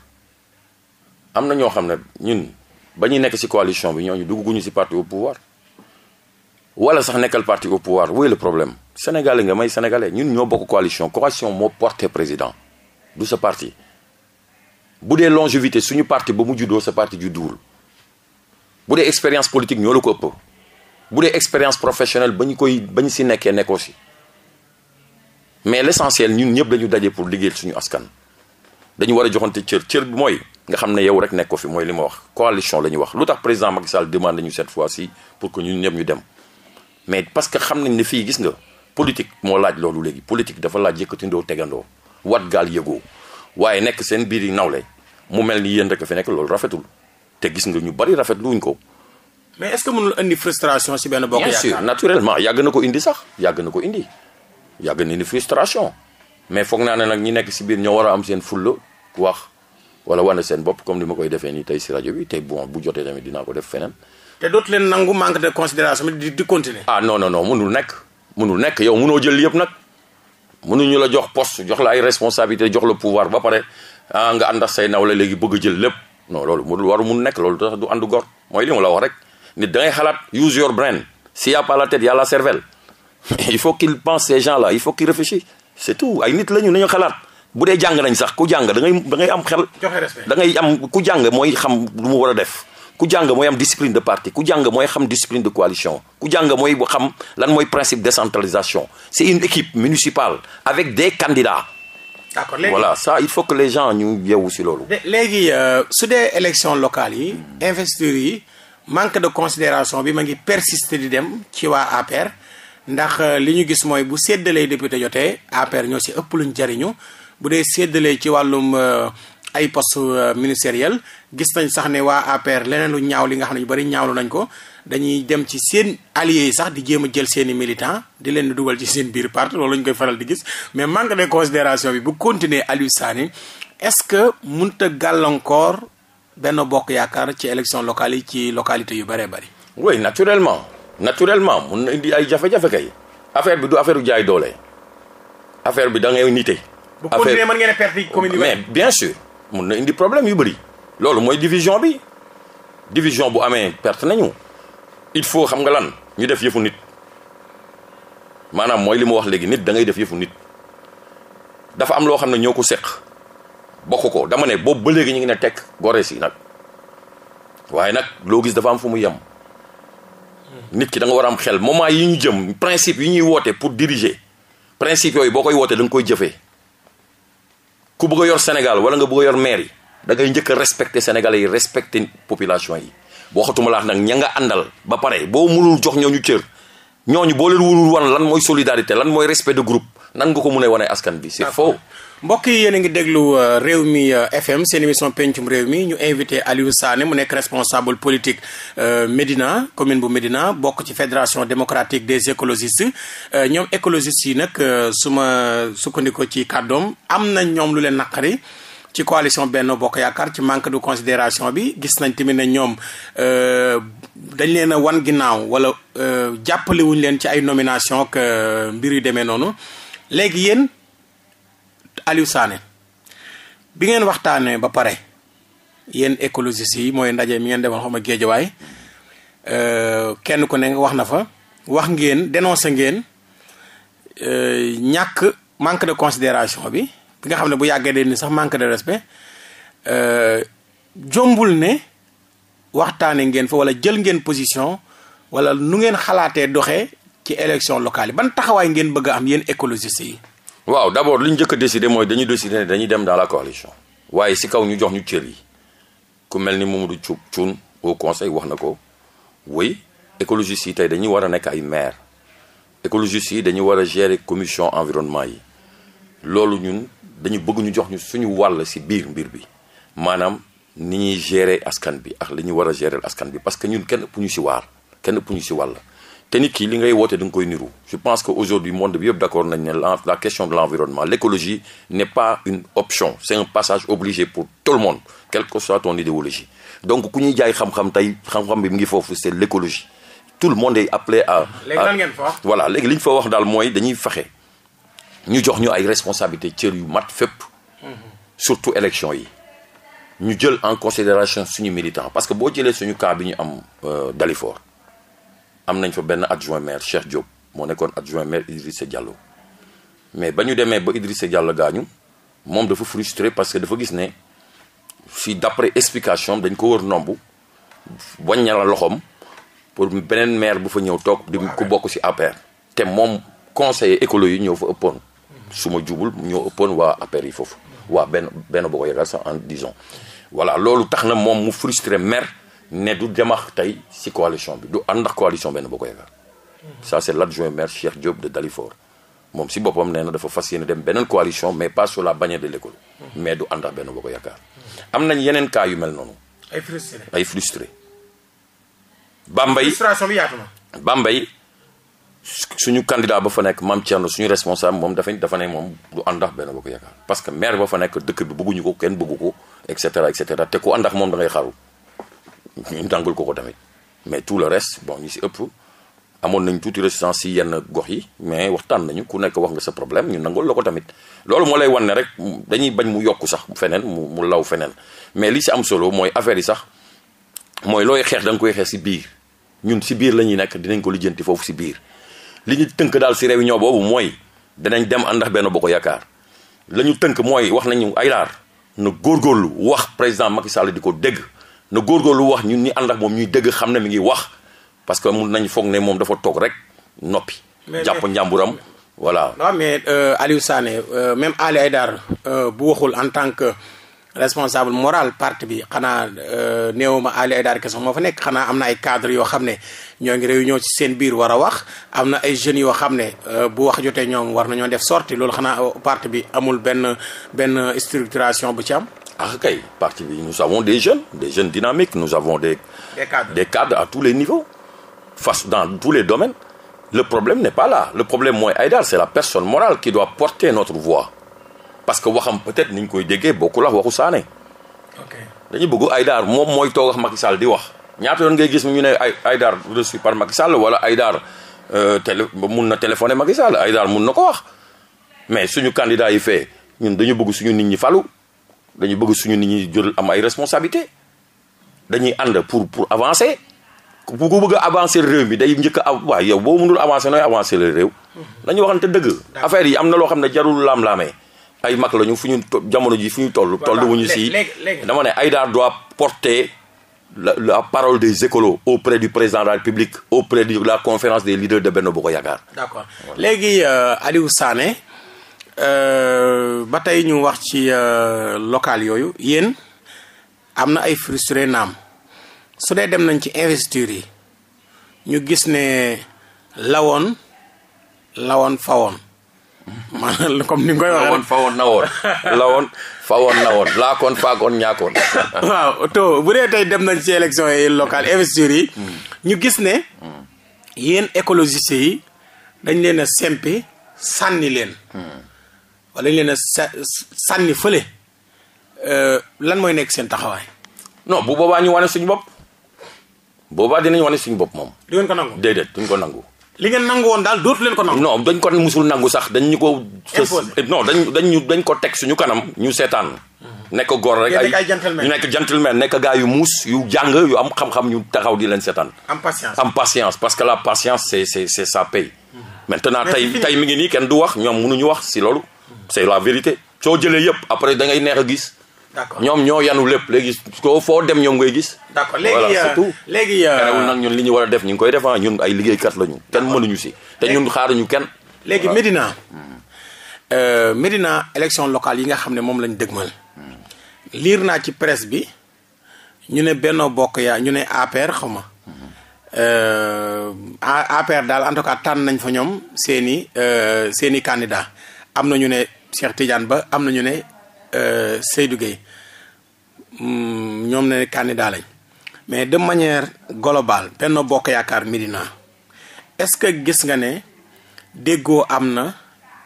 Speaker 2: am na ñoo xam ne ñun ba ñu nekk ci coalition bi ñoo ñooñu dugguñu ci parti au pouvoir wala sax nekkal parti au pouvoir oui le problème sénégalais nga may sénégalais ñun ñoo bokk coalition coalition moo porté président du sa parti bu dee longévité suñu parti ba mu juddoo sa parti judduwul bu dee expérience politique ñoo la ko ëpp bu dee expérience professionnelle ba ñu koy ba ñu si nekkee nekkoo si mais l'essentiel ñun ñëpp dañu dajee pour liggéey suñu askan dañu war a joxante cër cër bi mooy nga xam ne yow rek nekk fi mooy li ma wax coalition la ñu wax lu tax président Macky Sall demande ñu cette fois si pour que ñun ñëpp ñu dem mais parce que xam nañ ne fii gis nga politique moo laaj loolu léegi politique dafa laaj yëkkatindoo tegandoo wat gaal yëgoo waaye nekk seen biir yi nawle mu mel ni yéen rek fi nekk loolu rafetul te gis nga ñu bari rafet luñ ko. mais est-ce que mënul indi frustration ci benn bokk. yaakaar bien sûr naturellement yàgg na ko indi sax yàgg na ko indi yàgg na indi frustration mais foog naa ne nag ñi nekk si biir ñoo war a am seen fulla wax wala wane seen bopp comme ni ma koy defee nii tey si rajo bi tey bon bu jotee tamit dinaa ko def feneen.
Speaker 1: te dootu leen nangu manque de considération di di continuer.
Speaker 2: ah non non non mënul nekk mënul nekk yow mënoo jël yëpp nag mënuñu la jox poste jox la ay responsabilité jox la pouvoir ba pare ah nga ànd say naw la léegi bëgg jël lépp. non loolu mu waru mun nekk loolu tax du àndu gor mooy li ma la wax rek nit da ngay xalaat use your brain s'il y a pas la tête y la cervelle [LAUGHS] il faut qu'il pense ces gens là il faut qu'il réfléchisse c'est tout ay nit la ñu nañu xalaat bu dee jàng nañ sax ku jàng da ngay da ngay am xel da ngay am ku jàng mooy xam lu mu war a def ku jàng mooy am discipline de parti ku jàng mooy xam discipline de coalition ku jàng mooy xam lan mooy principe décentralisation c'est une équipe municipale avec des candidats d'accord léegi voilà ça il faut que les gens ñu yeewu si loolu.
Speaker 1: léegi euh, su dee élection locale yi. Hmm. investiture yi manque de considération bi ma ngi persister di dem ci waa APR ndax euh, li ñu gis mooy bu séddalee député jotee APR ñoo si ëpp luñ jariñu bu dee séddalee ci wàllum euh, ay poste ministériel gis nañ sax ne waa APR leneen lu ñaaw li nga xam ne ñu bari ñaawlu nañ ko. dañuy dem ci seen alliés yi sax di jéem a jël seen i militants di leen dugal ci seen biir parti loolu lañ koy faral di gis mais man manque de considération bi bu continuer Aliou Sané est-ce que mënut a gàllankoor benn bokk yaakaar ci élection locale yi ci localité yu
Speaker 2: bëree bëri. oui naturellement naturellement mun na indi ay jafe-jafe kay affaire bi du affaire jaay doole affaire bi da ngay nite. bu continuer mën ngeen a perte commune mais bien mun na indi problème yu bëri loolu mooy division bi division bu amee perte nañu. il faut xam nga lan ñu def yëfu nit maanaam mooy li mu wax léegi nit da ngay def yëfu nit dafa am loo xam ne ñoo ko seq bokk ko dama ne boobu ba léegi ñu ngi ne tekk gore si nag waaye nag loo gis dafa am fu mu yem nit ki da nga war a am xel moment yi ñu jëm principe yi ñuy woote pour diriger principe yooyu boo koy wootee danga koy jëfee ku bëgg a yor Sénégal wala nga bëgg a yor maire yi da ngay njëkk a respecter sénégalais yi respecter population yi waxatuma laax nag ña nga àndal ba pare boo mënul jox ñooñu cër ñooñu boo leen wulul wan lan mooy solidarité lan mooy respect de group nan nga ko mun a wane askan bi c'est faux mbokk yi yéen a ngi déglu euh, réew mi
Speaker 1: euh, FM seen émission pencum réew mi ñu invité Aliou Sané mu nekk responsable politique euh, Médina commune bu Médina bokk ci fédération démocratique des écologistes ñoom écologistes yi nag su ma sukkandikoo ci kàddoom am na ñoom lu leen naqari ci coalition benn Bokk Yaakaar ci manque de considération bi gis nañ tamit ne ñoom euh, dañ leen a wan ginnaaw wala euh, jàppale wuñ leen ci ay nomination ak euh, mbir yu demee noonu léegi yéen Aliou Sané bi ngeen waxtaanee ba pare yéen écologistes yi mooy ndaje mi ngeen demoon xaw ma géejawaay kenn ku ne wax na fa wax ngeen dénoncé ngeen ñàkk manque de considération bi bi nga xam ne bu yàggee de ni sax manque de respect euh, jombul ne waxtaane ngeen fa wala jël ngeen position wala nu ngeen xalaatee doxe ci élection locale yi ban taxawaay ngeen bëgg
Speaker 2: am yéen écologistes yi. waaw d' abord li njëkk a mooy dañuy décidé ne dañuy dem dans la coalition. waaye si kaw ñu jox ñu cër yi ku mel ni Mamadou Thiou Thioune au conseil wax na ko oui écologistes yi tey dañuy war a nekk ay maire écologistes yi dañuy war a gérer commission environnement yi loolu ñun. dañu bëgg ñu jox ñu suñu wàll ci biir mbir bi maanaam ni ñuy gérer askan bi ak li ñu war a gérer askan bi parce que ñun kenn ëpp ñu ci waar kenn ëpp ñu ci wàll te nit ki li ngay wootee da nga koy niru je pense que aujourd'hui monde bi yëpp d'accord nañ ne la question de l'environnement l'écologie n'est pas une option c'est un passage obligé pour tout le monde quelle que soit ton idéologie donc ku ñuy jaay xam-xam tey xam-xam bi mu ngi foofu c'est l'écologie tout le monde est appelé à. léegi li ñu fa wax daal mooy dañuy fexe. ñu jox ñu ay responsabilité cër yu mat fépp surtout élection yi ñu jël en considération suñu militant parce que boo jëlee suñu cas bi ñu am euh, Dalifort am nañ fa benn adjoint maire Cheikh Diop moo nekkoon adjoint maire Idrissa Diallo mais ba ñu demee ba Idrissa Diallo gaañu moom dafa frustré parce que dafa gis ne fii d'après explication dañ ko wër nomb wàññala loxoom pour beneen maire bu fa ñëw toog di ku bokk ci APR te moom conseiller écolo yi ñëw fa ëppoon su ma jubul ñoo ëppoon waa affaire yi foofu waa benn benn boo ko yàggal sax en disons voilà loolu tax na moom mu frustré maire ne du demax tey si coalition bi du ànd ak coalition benn boo ko yàggal ça c' est l' adjoint maire Cheikh Diop moom si boppam nee na dafa fas yéene dem beneen coalition mais pas sur la bannière de l' école mais du ànd ak benn boo ko yàggal am nañ yeneen cas yu mel noonu. ay frustré ay frustré. Bambey
Speaker 1: frustration na
Speaker 2: Bambey. suñu candidat ba fa nekk Mame Thierno suñu responsable moom dafa dafa ne moom du ànd ak benn ko yaakaar parce que maire ba fa nekk dëkk bi bëgguñu ko kenn bëggu ko et cetera et cetera te ku ànd ak moom da ngay ñu dàngul ko ko tamit mais tout le reste bon ñu si ëpp amoon nañ tuuti résistance si yenn gox yi mais waxtaan nañu ku nekk wax nga sa problème ñu nangul la ko tamit loolu moo lay wan ne rek dañuy bañ mu yokk sax feneen mu mu law feneen mais li si am solo mooy affaire yi sax mooy looy xeex da koy xeex si biir ñun si biir la ñuy nekk dinañ ko lijjanti foofu si biir li ñu tënk daal si réunion boobu mooy danañ dem ànd ak benn bokk yaakaar la ñu tënk mooy wax nañu ay laar na góorgóorlu wax président Macky Sall di ko dégg na góorgóorlu wax ñun ñi ànd ak moom ñuy dégg xam na mi ngi wax parce que mun nañ foog ne moom dafa toog rek noppi. jàpp njàmburam voilà.
Speaker 1: non mais euh, Aliou Sané euh, même Ali Haïdar euh, bu waxul en tant que. responsable moral parti bi xanaa euh, ma Ali Aydar kese moo fa nekk xanaa am na ay cadre yoo xam ne ñoo ngi réunion ci seen biir war wax am na ay jeunes yoo xam ne euh, bu wax jotee ñoom war nañoo def sortie loolu xanaa euh, parti bi amul benn benn structuration bu ci am.
Speaker 2: ah kay parti bi nous avons des jeunes des jeunes dynamiques nous avons des. des cadres à tous les niveaux. face dans tous les domaines le problème n'est pas là le problème mooy Aydar c'est la personne morale qui doit porter notre parce que waxam peut-être niñ koy déggee bokkul ak waxu Sané. ok dañu bëgg Aydar moom mooy toog ak Macky Sall di wax ñaata yoon ngay gis mu ñu ne ay Aydar reçu par Macky Sall wala Aydar euh, télé mun na téléphoner Macky Sall Aydar mun na ko wax mais suñu candidat yi fee ñun dañu bëgg suñu nit ñi falu dañu bëgg suñu nit ñi jël am ay responsabilité dañuy ànd pour pour avancer ku bëgg a avancer réew mi day njëkk a waaw yow boo mënul avancer nooy avancer le réew. dañu mhm. waxante dëgg. affaire yi am na loo xam ne jarul laam-laamee. ay mag ñu fu ñu jamono ji fu ñu toll tolluwuñu si dama ne Aïda doit porter la, la parole des écolos auprès du président de la République auprès de la conférence des leaders de Benno Bokk Yaakaar d'accord léegi euh,
Speaker 1: Aliou Sané euh, ba tey ñu wax ci euh, local yooyu yéen am na ay frustré naam su dee dem nañ ci investir yi ñu gis ne lawoon lawoon fawoon maanaam [LAUGHS] comme ni nga koy waxee la woon fa woon na woon la woon fa woon na woon laakoon faakoon ñaakoon. waaw to bu dee tey dem nañ ci élection yi locale investiture yi. ñu gis ne. yéen écologistes yi dañ leen a sempi sànni leen. wala dañ leen a sànni fële euh,
Speaker 2: lan mooy nekk seen taxawaay. non bu boobaa ñu wane suñu bopp. boobaa dinañ wane suñu bopp moom. du ngeen ko nangu déedéet duñ ko nangu. li ngeen nangu woon daal dootu leen ko nangu. non dañ ko musul nangu sax dañ ñu ko. non dañ dañ dañ ko teg suñu kanam ñu seetaan. Mhm. nekk góor rek ay ñu nekk gentleman nekk gars yu muus yu jàng yu am xam-xam ñu taxaw di leen seetaan. am patience parce que la patience c'est c'est c'est ça paye. Mhm. maintenant tey mi ngi nii kenn du wax ñoom mënuñu wax si loolu. c'est la vérité soo jëlee yëpp après da ngay neex a gis. d'accord ñoom ñoo yanu lépp léegi ko foo dem ñoom ngay gis. d'accord léegi surtout euh, léegi. Euh, terewul nag ñun li ñu war a def ñu ngi koy def ah, ñun ay liggéeykat lañu. kenn mënuñu si te ñun xaaruñu kenn.
Speaker 1: léegi Médina. Mm. Euh, Médina
Speaker 2: élection locale yi nga xam ne moom lañ dëgmal. Mm.
Speaker 1: liir naa ci presse bi ñu ne Benno Bokk Yaa ñu ne APR xaw ma. Mm-hmm. APR daal en tout cas tànn nañ fa ñoom seen i seen i candidat am na ñu ne Cheikh Tidiane Ba am na ñu ne. Euh, Seydou Gueye mm, ñoom ne candidat lañ mais de manière globale benn Bokk Yaakaar Médina est-ce que gis nga ne déggoo am na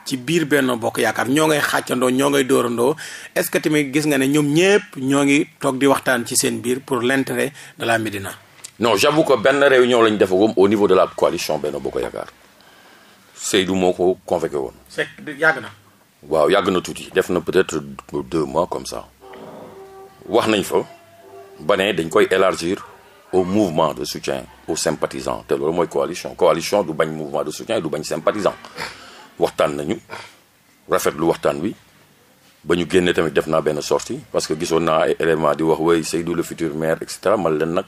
Speaker 1: ci biir benn Bokk Yaakaar ñoo ngay xàccandoo ñoo ngay dóorandoo est-ce que tamit gis nga ne ñoom ñépp ñoo ngi toog di waxtaan ci seen biir pour l'intérêt de la Médina
Speaker 2: non j'avoue ko benn réunion lañ defagum au niveau de la coalition benn Bokk Yaakaar Seydou moo ko convoqué woon.
Speaker 1: c'est yàgg
Speaker 2: waaw yàgg na tuuti def na peut-être deux mois comme ça wax nañ fa ba ne dañ koy élargir au mouvement de soutien aux sympathisants te loolu mooy coalition coalition du bañ mouvement de soutien du bañ sympathisant waxtaan nañu rafetlu waxtaan bi ba ñu génnee tamit def naa benn sortie parce que gisoon naa ay éléments di wax wey Seydou le futur maire et cetera man leen nag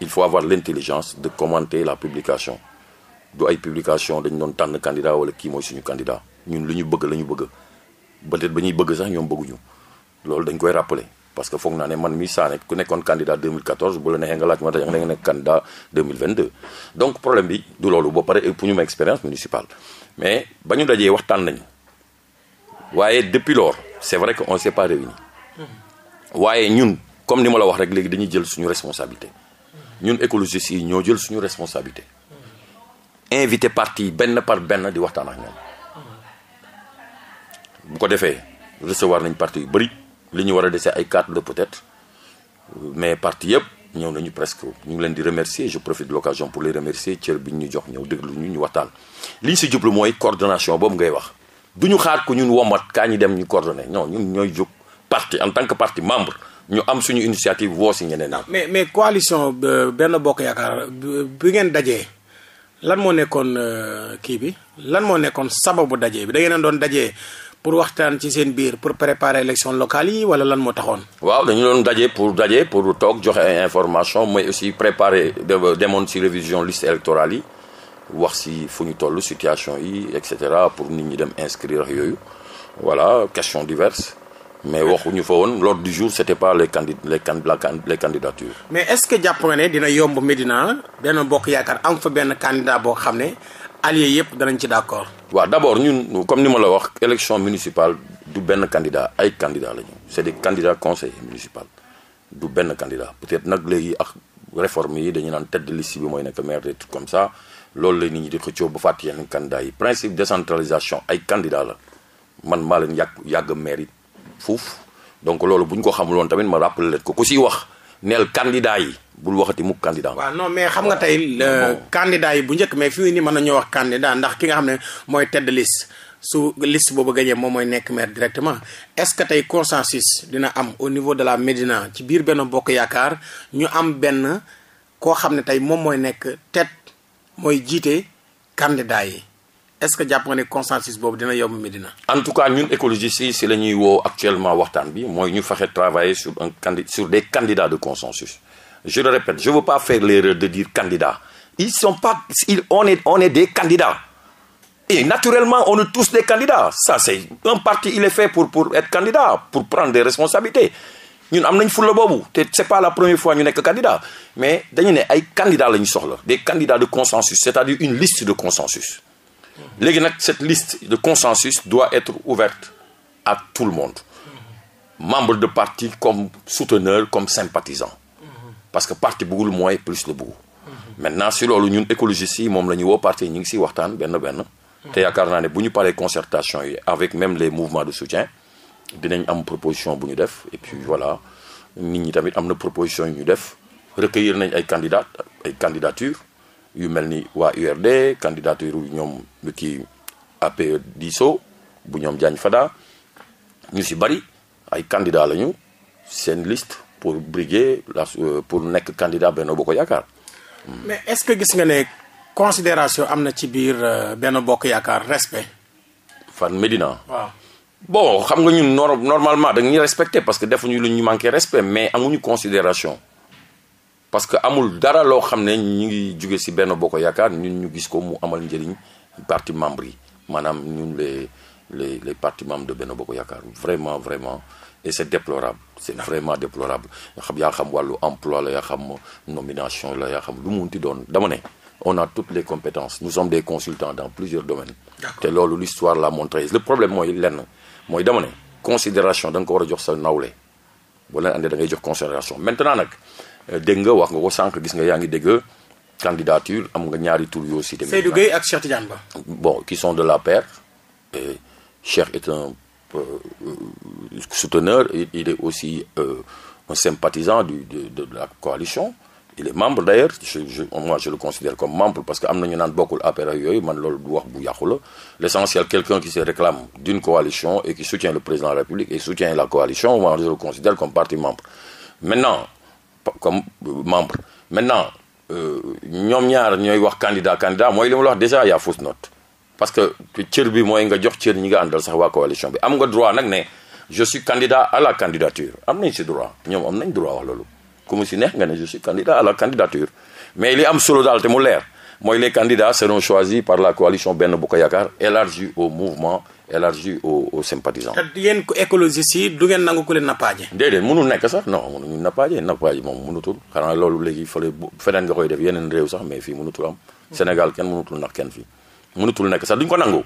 Speaker 2: il faut avoir l'intelligence de commenter la publication du ay publication dañ doon tànn candidat wala kii mooy suñu candidat ñun lu ñu bëgg la ñu bëgg peut-être ba ñuy bëgg sax ñoom bëgguñu loolu dañ koy rappeler parce que foog naa ne man mi Sané ku nekkoon candidat 2014 bu la neexee nga laaj ma tax nga donc problème bi du loolu ba pare pour ñu ma expérience municipale mais ba ñu dajee waxtaan nañu waaye depuis lors c'est vrai que on s'est pas réunis waaye ñun comme ni ma la wax rek léegi dañuy jël suñu responsabilité ñun écologie yi ñoo jël suñu responsabilité invité parti benn par benn di waxtaan ak ñoom. bu ko defee recevoir nañ parti yu bëri li ñu war a desee ay carte la peut-être mais parti yëpp ñëw nañu presque ñu ngi leen di remercier je profite de l'occasion pour les remercier cër bi ñu jox ñëw déglu ñu ñu waxtaan li ñu si jublu mooy coordination boobu ngay wax du ñu xaar ko ñun wombat kaa ñi dem ñu coordonné non ñun ñooy jóg parti en tant que parti membre ñu am suñu initiative woo si ñeneen naan
Speaker 1: mais mais coalition euh, benn bokk yaakaar bi ngeen dajee lan moo nekkoon euh, kii bi lan moo nekkoon sababu dajee bi da ngeen doon dajee pour waxtaan ci seen biir pour préparer élection locale yi wala lan moo taxoon.
Speaker 2: waaw dañu doon daje pour daje pour toog joxe information mais aussi préparer demoon ci révision liste électorale yi wax si fu ñu toll situation yi et cetera pour nit ñu dem inscrire ak yooyu voilà questions diverses. mais waxuñu fa woon l'ordre du jour c'était pas les candid les can les
Speaker 1: mais est-ce que jàpp nga ne dina yomb Médina benn bokk yaakaar am fa benn candidat boo xam ne alliés yëpp danañ ci d'accord.
Speaker 2: waaw d' abord ñun comme ni ma la wax élection municipale du benn candidat ay candidat la ñu c' est des candidats conseil municipal du benn candidat peut-être nag léegi ak réforme yi dañu naan tête de liste bi mooy nekk maire des trucs comme ça loolu la nit ñi di xëccoo ba fàtte yenn candidat yi principe décentralisation ay candidat la man maa leen yàgg yàgg maire it fuuf donc loolu bu ñu ko xamuloon tamit ma rappelé leen ko ku siy wax neel candidat yi bul waxati mukk candidat waaw
Speaker 1: non mais xam nga tey candidat yi bu njëkk mais fi ni mën nañoo wax candidat ndax ki nga xam ne mooy tedd liste su liste boobu gañee moom mooy nekk maire directement est-ce que tey consensus dina am au niveau de la Médina ci biir benn bokk yaakaar ñu am benn koo xam ne tey moom mooy nekk tête mooy jiite candidat yi est-ce que jàpp nga ne consensus boobu dina yomb Médina
Speaker 2: en tout cas ñun écologistes yi si la ñuy woo actuellement waxtaan bi mooy ñu fexe travailler sur un candi sur des candidats de consensus je le répète je veux pas faire l'erreur de dire candidat ils sont pas on est on des candidats et naturellement on est tous des candidats ça c'est un parti il est fait pour pour être candidat pour prendre des responsabilités ñun am nañ fulla boobu te c'est pas la première fois ñu nekk candidat mais dañu ne ay candidats la ñu soxla des candidats de consensus c'est-à-dire une liste de léegi nag cette liste de consensus doit être ouverte à tout le monde membre de parti comme souteneur comme sympathisant parce que parti bëggul mooy plus le bëggu maintenant si loolu ñun écologistes yi moom la ñu woo parti ñu ngi siy waxtaan benn benn te yaakaar naa ne bu ñu paree concertation yi avec même les mouvements de soutien dinañ am proposition bu ñu def et voilà nit ñi tamit am na proposition ñu def recueillir nañ ay candidats ay candidatures yu mel ni waa URD candidature yu ñoom kii APE diso bu ñoom Diagne Fada ñu si bëri ay candidat lañu seen liste pour briguer la euh, pour nekk candidat Benno Bokk Yaakaar.
Speaker 1: Hmm. mais est-ce que gis nga ne considération am na ci biir euh, Benno Bokk Yaakaar respect.
Speaker 2: fan Medina. waaw xam nga ñun normalement dañuy respecté parce que defuñu lu ñu manqué respect mais amuñu considération parce que amul dara loo xam ne ñu ngi jóge ci benn boo ko yaakaar ñun ñu gis ko mu amal njëriñ parti membre yi maanaam ñun les les les partis membres de benn boo ko yaakaar vraiment vraiment et c'est déplorable c'est vraiment déplorable nga xam yaa xam wàllu emploi la yaa xam nomination la yaa xam lu mu ti doon dama ne on a toutes les compétences nous sommes des consultants dans plusieurs domaines te loolu l'histoire l'a montré le problème mooy lenn mooy dama ne considération da nga ko war a jox sa nawle boo leen andee jox considération maintenant nag Euh, dégg nga wax nga ko sànq gis nga yaa ngi dégg candidature am nga ñaari tur yoo cité. Seydou Gueye ak Cheikh Tidiane Ba. bon qui sont de la paire Cheikh est un euh, euh, souteneur il est aussi un sympathisant du de de la coalition. il est membre d'ailleurs je je moi je le considère comme membre parce que am na ñu naan bokkul APR yooyu man loolu du wax bu yàqu l'essentiel quelqu'un qui se réclame d'une coalition et qui soutient le président de la République et soutient la coalition moi je le considère comme parti comme membre maintenant euh, ñoom ñaar ñooy wax candidat candidat mooy li mu la wax déjà y a fausse parce que cër bi mooy nga jox cër ñi nga àndal sax waa coalition bi am nga droit nag ne je suis candidat à la candidature am nañ si droit ñoom am nañ droit wax loolu ku mu si neex nga ne je suis candidat à la candidature mais li am solo daal te mu leer mooy les candidats seront choisis par la coalition benn Bokk Yaakaar élargie au mouvement élargie aux aux sympathisants.
Speaker 1: te yéen écologistes yi du ngeen nangu ku leen nappaaje.
Speaker 2: déedéet mënul nekk sax non ñu nappaaje nappaaje moom mënutul xanaa loolu léegi fële feneen nga koy def yeneen réew sax mais fii mënutul am. Sénégal kenn mënutul nax kenn fii mënutul nekk sax duñ ko nangu.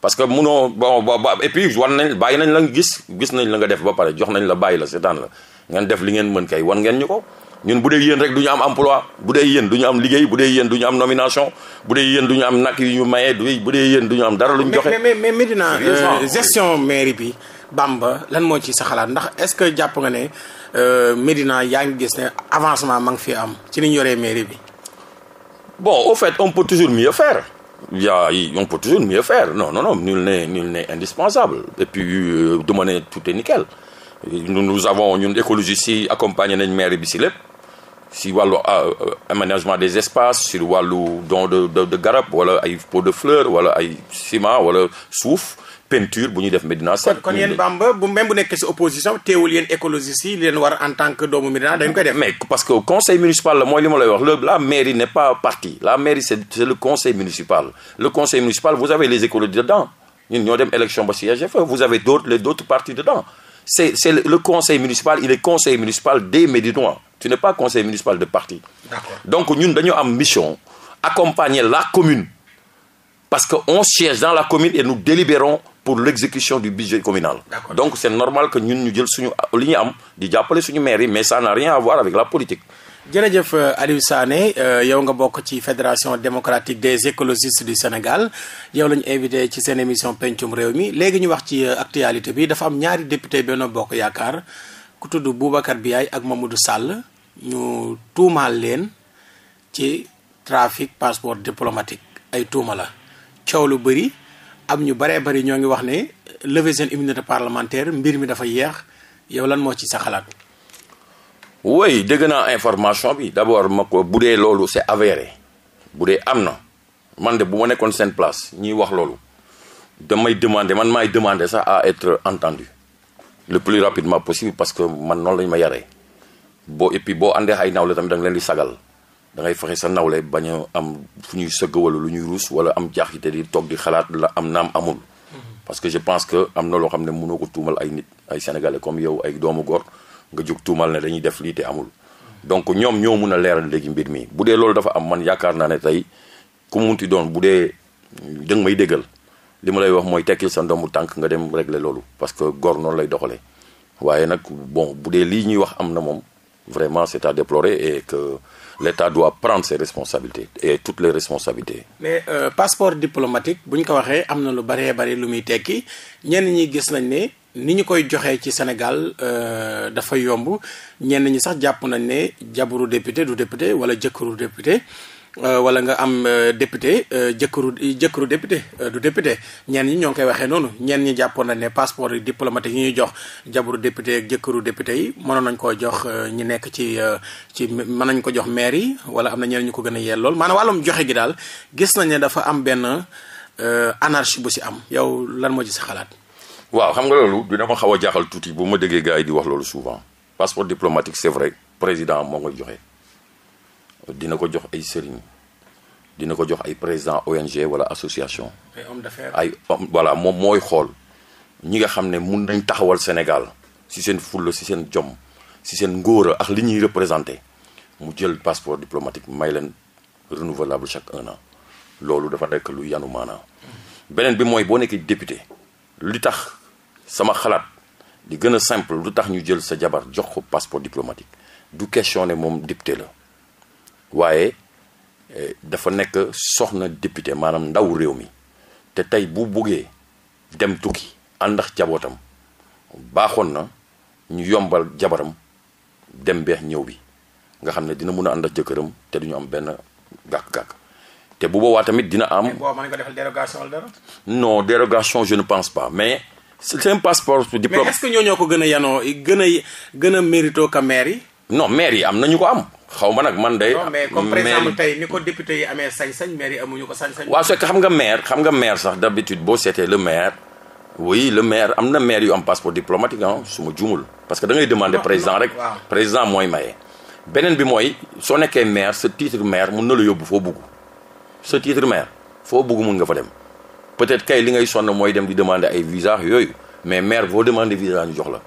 Speaker 2: parce que munoo bon ba et puis war nañ bàyyi nañ la gis gis nañ la nga def ba pare jox nañ la bàyyi la seetaan la ngeen def li ngeen mën kay wan ngeen ñu ko ñun bu dee yéen rek duñu am emploi bu dee yéen du ñu am liggéey bu dee yéen duñu ñu am nomination bu dee yéen du ñu am nak yu ñu maye du bu dee yéen du am dara lu ñu joxe.
Speaker 1: mais mais euh, gestion mairie bi Bamba lan moo ci sa xalaat ndax est-ce que jàpp nga ne euh, Médina yaa ngi gis ne avancement ma ngi fi am ci ni ñu yoree mairie bi.
Speaker 2: bon au fait on peut toujours mieux faire. yaa on peut toujours mieux faire non non non nul n'est nul n'est indispensable et puis euh, du ma ne tout est nickel ñun écologistes yi accompagné nañ maire bi si lépp. si wàllu euh, euh, aménagement des espaces si wàllu don de de garab wala ay pot de fleur wala ay ciment wala suuf peinture bu ñuy def Médina Seck. kon yéen
Speaker 1: bu même bu opposition teewul yéen écologistes yi leen
Speaker 2: war en tant que doomu Médina mais parce que conseil municipal la mooy li ma lay wax la mairie n'est pas partie la mairie c'est le conseil municipal vous avez les écolos dedans ñun ñoo dem élection ba siège fa vous avez d'autres les d'autres partis c'est le conseil municipal il est conseil municipal des Médinois. tu n'es pas conseil municipal de parti donc ñun dañu am mission accompagner la commune parce que on siège dans la commune et nous délibérons pour l'exécution du budget communal donc c'est normal que ñun ñu jël suñu li ñu am di jàppale suñu maire yi mais ça n'a rien à voir avec la politique
Speaker 1: jërëjëf euh, Aliou Sané euh, yow nga bokk ci fédération démocratique des écologistes du Sénégal yow la invité ci seen émission pencum réew mi léegi ñu wax ci euh, actualité bi dafa am ñaari député Benno Bokk Yaakaar ku tudd Boubacar Biaye ak Mamadou Sall ñu tuumaal leen ci trafic passeport diplomatique ay tuuma la coow lu bëri am ñu baree bari ñoo ngi wax ne lever seen immunité parlementaire mbir mi dafa yeex yow lan moo ci sa xalaat.
Speaker 2: oui dégg naa information bi d'abord ma ko bu dee loolu c'est avéré bu dee am na man de bu ma nekkoon seen place ñuy wax loolu damay demander man maay demander sax à être entendu le plus rapidement possible parce que man noonu lañu ma yaree. boo et boo àndee ay nawle tamit da nga leen di sagal da ngay fexe sa nawle bañ a am fu ñuy sëgg wala lu ñuy ruus wala am jaaxite di toog di xalaat la am naam amul. parce que je pense que am na loo xam ne mënoo ko tuumal ay nit ay sénégalais comme yow ay doomu góor nga jug tuumal ne dañuy def lii te amul. donc ñoom ñoo mun a leeral léegi mbir mi bu dee loolu dafa am man yaakaar naa ne tey ku mu munti doon bu dee dëng may déggal li ma lay wax mooy tekkil sa ndombu tànk nga dem régler loolu parce que góor noonu lay doxalee waaye nag bon bu dee lii ñuy wax am na moom. Vraiment, c'est à déplorer et que l'État doit prendre ses responsabilités et toutes les responsabilités.
Speaker 1: mais euh, passeport diplomatique bu ñu ko waxee am na lu bëree bëri lu muy tekki ñenn ñi gis nañ ne ni ñu koy joxee ci Sénégal euh, dafa yomb ñenn ñi sax jàpp nañ ne jabaru député du député wala jëkkëru député. Euh, wala nga am euh, député euh, jëkkëru jëkkëru député du député ñenn ñi ñoo ngi koy waxee noonu ñenn ñi jàppoon nañ ne passeport yi diplomatique yi ñuy jox jabaru député ak jëkkëru yi mënoon nañ koo jox ñi nekk ci ci mën nañ ko jox maire yi wala am na ñeneen ñu ko gën a yeel lool maanaam wàllum joxe gi daal gis nañ ne dafa am benn anarchie bu si am yow lan moo ji si xalaat.
Speaker 2: waaw xam nga loolu dina ma xaw a jaaxal tuuti bu ma déggee gars yi di wax loolu souvent passeport diplomatique c'est vrai président moo ngay joxe. dina ko jox ay sëriñ dina ko jox ay président ONG wala association. ay hommes d'affaires ay voilà moom mooy xool ñi nga xam ne mun nañ taxawal Sénégal si seen fulla si seen jom si seen ngóora ak li ñuy représenté mu jël passeport diplomatique may leen renouvelable chaque un an loolu dafa nekk lu yanu maanaa beneen bi mooy boo nekkee député lu tax sama xalaat di gën a simple lu tax ñu jël sa jabar jox ko passeport diplomatique du question ne moom député la. waaye eh, dafa nekk soxna député maanaam ndaw réew mi te tey bu buggee dem tukki àndax ak jabootam baaxoon na ñu yombal jabaram dem beex ñëw bi nga xam ne dina mun a ànd ak jëkkëram te duñu am benn gàkk-gàkk te bu boobaa tamit dina am. mais boo
Speaker 1: mën nga defal dérogation
Speaker 2: wala dérogation je pense pas mais. c'est un passeport diplôme. mais ñoo ñoo ko gën a yanoo gën a gën a mérito ka maire yi. non maire yi am nañu ko am. xaw ma nag man day. non mais comme par tey ni
Speaker 1: ko député yi amee sañ-sañ maire yi amuñu ko sañ-sañ. waaw c'est
Speaker 2: que xam nga maire xam nga maire sax d'habitude boo seetee le maire. oui le maire am na maire yu am passeport diplomatique ah su ma juumul parce que dangay demande demander président rek. président mooy maye. beneen bi mooy soo nekkee maire sa titre maire mun na la yóbbu foo bugg sa titre maire foo bugg mun nga fa dem peut-être kay li ngay sonn mooy dem di demander ay visa yooyu mais maire boo demander visa ñu jox la.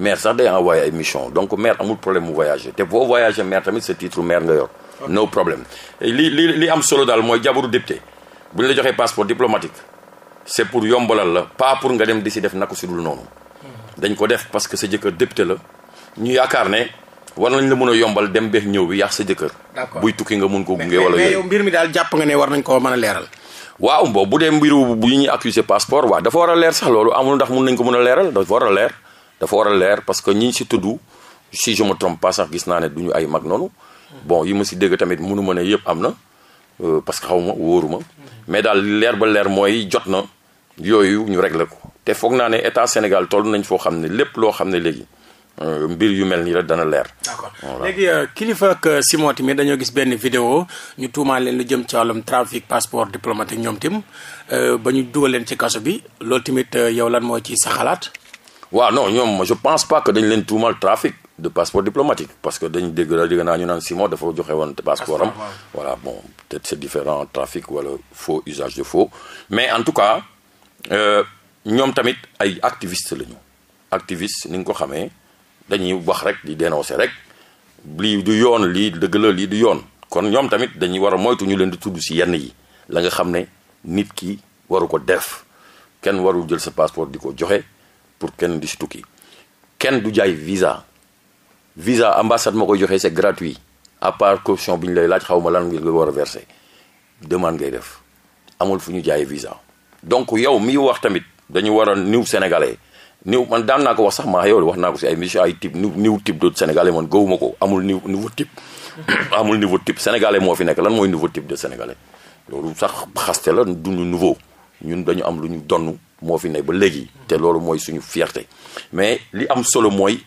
Speaker 2: maire sax day envoyé ay mission donc maire amul problème mu voyager te boo voyager maire tamit sa titre maire nga yor no problème li li li am solo daal mooy jabaru député bu ñu la joxee passeport diplomatique c'est pour yombalal la pas pour nga dem di si def naka si dul noonu hmm. dañ ko def parce que sa jëkkër député la ñu yaakaar ne war nañ la mun a yombal dem beex ñëw bi yàq sa jëkkër buy tukki nga mun ko gunge wala yooyu mbir mi daal jàpp nga ne war nañ ko mën a leeral waaw boobu bu dee mbiru bu ñuy accuser passeport waaw dafa war a leer sax loolu amul ndax mun nañ ko mën a leeral dafa war a leer dafa war a leer parce que ñi ci tudd si je me trompe pas sax gis naa ne du ñu ay mag noonu bon yi ma si dégg tamit mënu ma ne yëpp am na euh, parce que xaw ma wóoru ma mais daal leer ba leer mooy jot na yooyu ñu régler ko te foog naa ne état Sénégal toll nañ foo xam ne lépp loo xam ne léegi euh, mbir yu mel nii la dana leer. d'accord léegi euh, Kilifeu ak Simon tamit dañoo gis benn vidéo ñu tuumaal
Speaker 1: leen lu jëm ci wàllum trafic passeport diplomatique ñoom tim ba ñu dugal leen ci kaso bi loolu
Speaker 2: tamit yow lan moo ci sa xalaat. waaw non ñoom je pense pas que dañ leen tuumal trafic de passeport diplomatique parce que dañ dégg la dégg naa ñu naan Simon dafa joxe woon passeport am voilà bon peut-être c'est différent trafic wala faux usage de faux mais en tout cas euh, ñoom tamit ay activiste lañu activiste ni nga ko xamee dañuy wax rek di dénoncer rek lii du yoon lii dëgg la lii du yoon kon ñoom tamit dañuy war a moytu ñu leen di tudd ci yenn yi la nga xam ne nit ki waru ko def kenn warul jël sa di ko joxe pour kenn di si tukki kenn du jaay visa visa ambassade moo koy joxee c'est gratuit à part caution bi ñu lay laaj xaw ma lan nga war a verser demande ngay def amul fu ñu jaayee visa. donc yow miy wax tamit dañu war a niw sénégalais niw man daan naa ko wax sax maa yow wax naa ko si ay mission ay type niw niw type de sénégalais man gëwuma ko amul niw niveau type. [COUGHS] amul niveau type sénégalais moo fi nekk lan mooy niveau type de sénégalais loolu sax xaste la duñu nouveau ñun dañu am lu ñu donn moo fi nekk ba léegi te loolu mooy suñu fierté mais li am solo mooy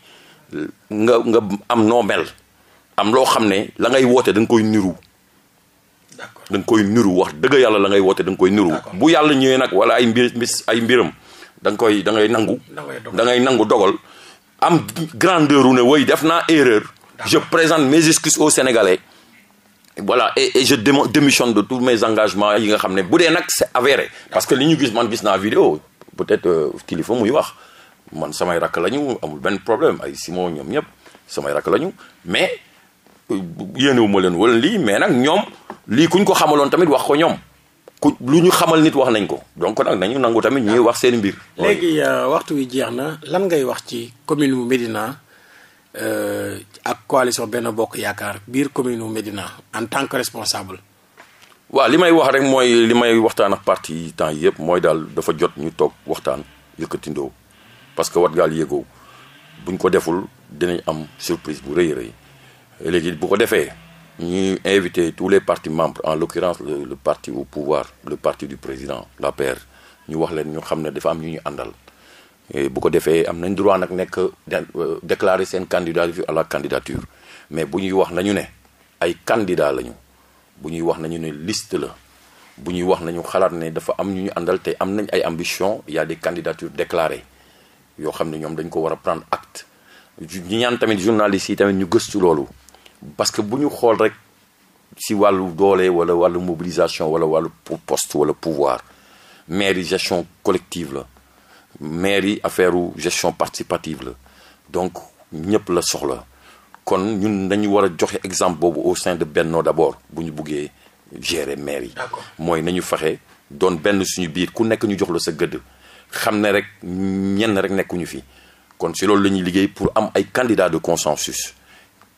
Speaker 2: nga nga am noo mel am loo xam ne la ngay woote da nga koy niru da nga koy niru wax dëgg yàlla la ngay woote danga koy niru bu yàlla ñëwee nag wala ay mbir ay mbiram da koy da ngay nangu da ngay nangu dogal am grandeur ne way def naa erreur je présente mes excuses aux Sénégalais voilà et, et je démissionne de tous mes engagements yi nga xam ne bu dee nag c'est avéré parce que li ñu gis man gis naa vidéo peut-être euh, kilifa muy wax man samay rakk la ñu amul benn problème ay Simon ñoom ñëpp samay rakk la ñu mais euh, yéenewu ma leen wala lii mais nag ñoom lii kuñ ko xamaloon tamit wax ko ñoom ku lu ñu xamal nit wax nañ ko donc nag nañu nangu tamit ñuy wax seen mbir léegi
Speaker 1: euh, waxtu wi jeex na lan ngay wax ci commune bu Médina Euh, ak coalition benn bokk yaakaar biir commune u Médina en tant que responsable
Speaker 2: waa li may wax rek mooy li may waxtaan ak parti yi temps yëpp mooy daal dafa jot ñu toog waxtaan yëkkatindoo parce que wat gaal yéegoo buñ ko deful dinañ am surprise bu rëy rëy léegi bu ko defee ñu invité tous les partis membres en l'occurrence le, le parti au pouvoir le parti du président l'APR ñu wax leen ñu xam ne dafa am ñu ñu àndal bu ko defee am nañ droit nag nekk euh, déclarer seen candidature à la candidature mais bu ñuy wax nañu ne ay candidat lañu bu ñuy wax nañu ne liste la bu ñuy wax nañu xalaat ne dafa am ñu ñu àndal te am nañ ay ambition yàlla a des candidatures déclarées yoo xam ne ñoom dañ ko war a prendre acte ñu ñaan tamit journalistes yi tamit ñu gëstu loolu parce que bu ñu xool rek si wàllu doole wala wàllu mobilisation wala wàllu post wala pouvoir mais gestion collective la maire yi affaire u gestion participative la donc ñëpp la soxla kon ñun dañu war a joxe exemple boobu au sein de Benno d'abord bu ñu buggee gérer maire yi mooy nañu faxe doon benn suñu biir ku nekk ñu jox la sa gëdd xam ne rek ñenn rek nekkuñu fi kon si loolu la liggéey pour am ay candidats de consensus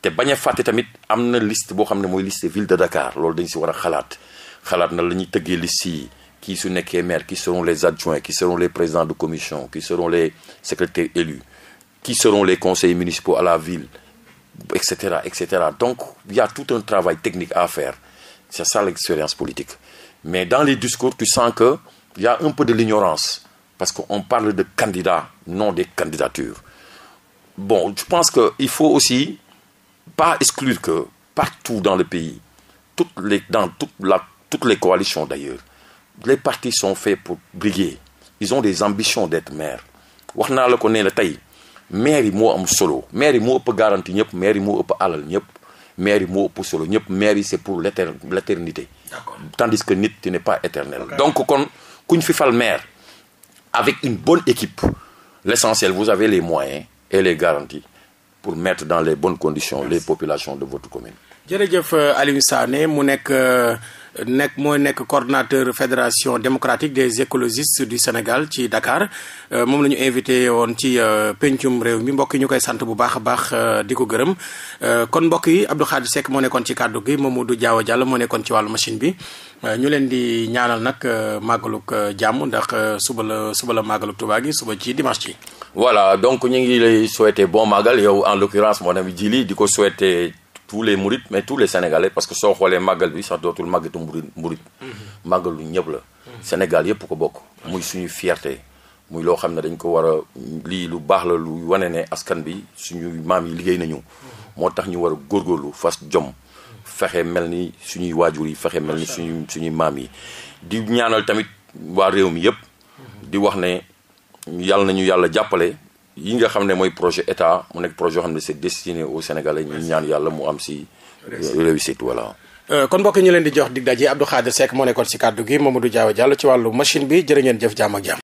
Speaker 2: te bañ a fàtte tamit am na list boo xam ne mooy liste ville de Dakar loolu dañ si war a xalaat xalaat na la ñuy tëggee liste yi qui su nekkee maire qui seront les adjoints qui seront les présidents de commission qui seront les secrétaires élus qui seront les conseillers municipaux à la ville et cetera et cetera donc il y a tout un travail technique à faire c'est ça l'expérience politique mais dans les discours tu sens que il y a un peu de l'ignorance parce qu'on parle de candidats non des candidatures bon je pense que il faut aussi pas exclure que partout dans le pays toutes les dans toute la toutes les coalitions d'ailleurs les partis sont faits pour briller ils ont des ambitions d'être maire wax naa la ko ne la tey maire yi moo am solo maire yi moo ëpp garanti ñëpp maire yi moo ëpp alal ñëpp maire yi moo ëpp solo ñëpp maire yi c'est pour l'éternité tandis que nit tu n'es pas éternel okay. donc kon kuñ fi fal maire avec une bonne équipe l'essentiel vous avez les moyens et les garanties pour mettre dans les bonnes conditions les populations de votre commune
Speaker 1: mu nekk euh, nekk mooy nekk coordonnateur fédération démocratique des écologistes du Sénégal ci Dakar euh, moom la ñu invité woon ci euh, pencum réew mi mbokk yi ñu koy sant bu baax a baax euh, di ko gërëm kon mbokk yi Abdou Khadre Seck moo nekkoon ci kàddu gi moom du Diaw Diallo moo nekkoon ci wàllu machine bi ñu leen di ñaanal nag màggaluk jàmm ndax suba la suba la màggaluk
Speaker 2: Tuubaa gi suba ci dimanche ci voilà donc ñu ngi lay souhaiter bon màggal yow en l'occurrence mon ami Djili di ko souhaiter tous les murit mais tous les sénégalais parce que soo xoolee màggal bi sax dootul màggatu murit murit mhm. màggalu ñëpp la sénégal yëpp ko bokk muy suñu fierte muy loo xam ne dañ ko war a lii lu baax la lu wane ne askan bi suñu maam yi liggéey nañu mhm. moo tax ñu war a góorgóorlu fas jom mhm. fexe mel ni suñuy waajur yi fexe mel ni suñu suñuy maam yi di ñaanal tamit waa réew mi yëpp di wax ne yàlla nañu yàlla jàppale yi nga xam ne mooy projet état mu nekk projet yoo xam ne c'est destiné aux Sénégalais ñu mu am si réussite voilà
Speaker 1: euh, kon mbokk ñu leen di jox dig daje Abdou Khadir Seck moo nekkoon si kàddu gi Mamadou Diaw Diallo ci wàllu machine bi jërë ngeen jëf jaam ak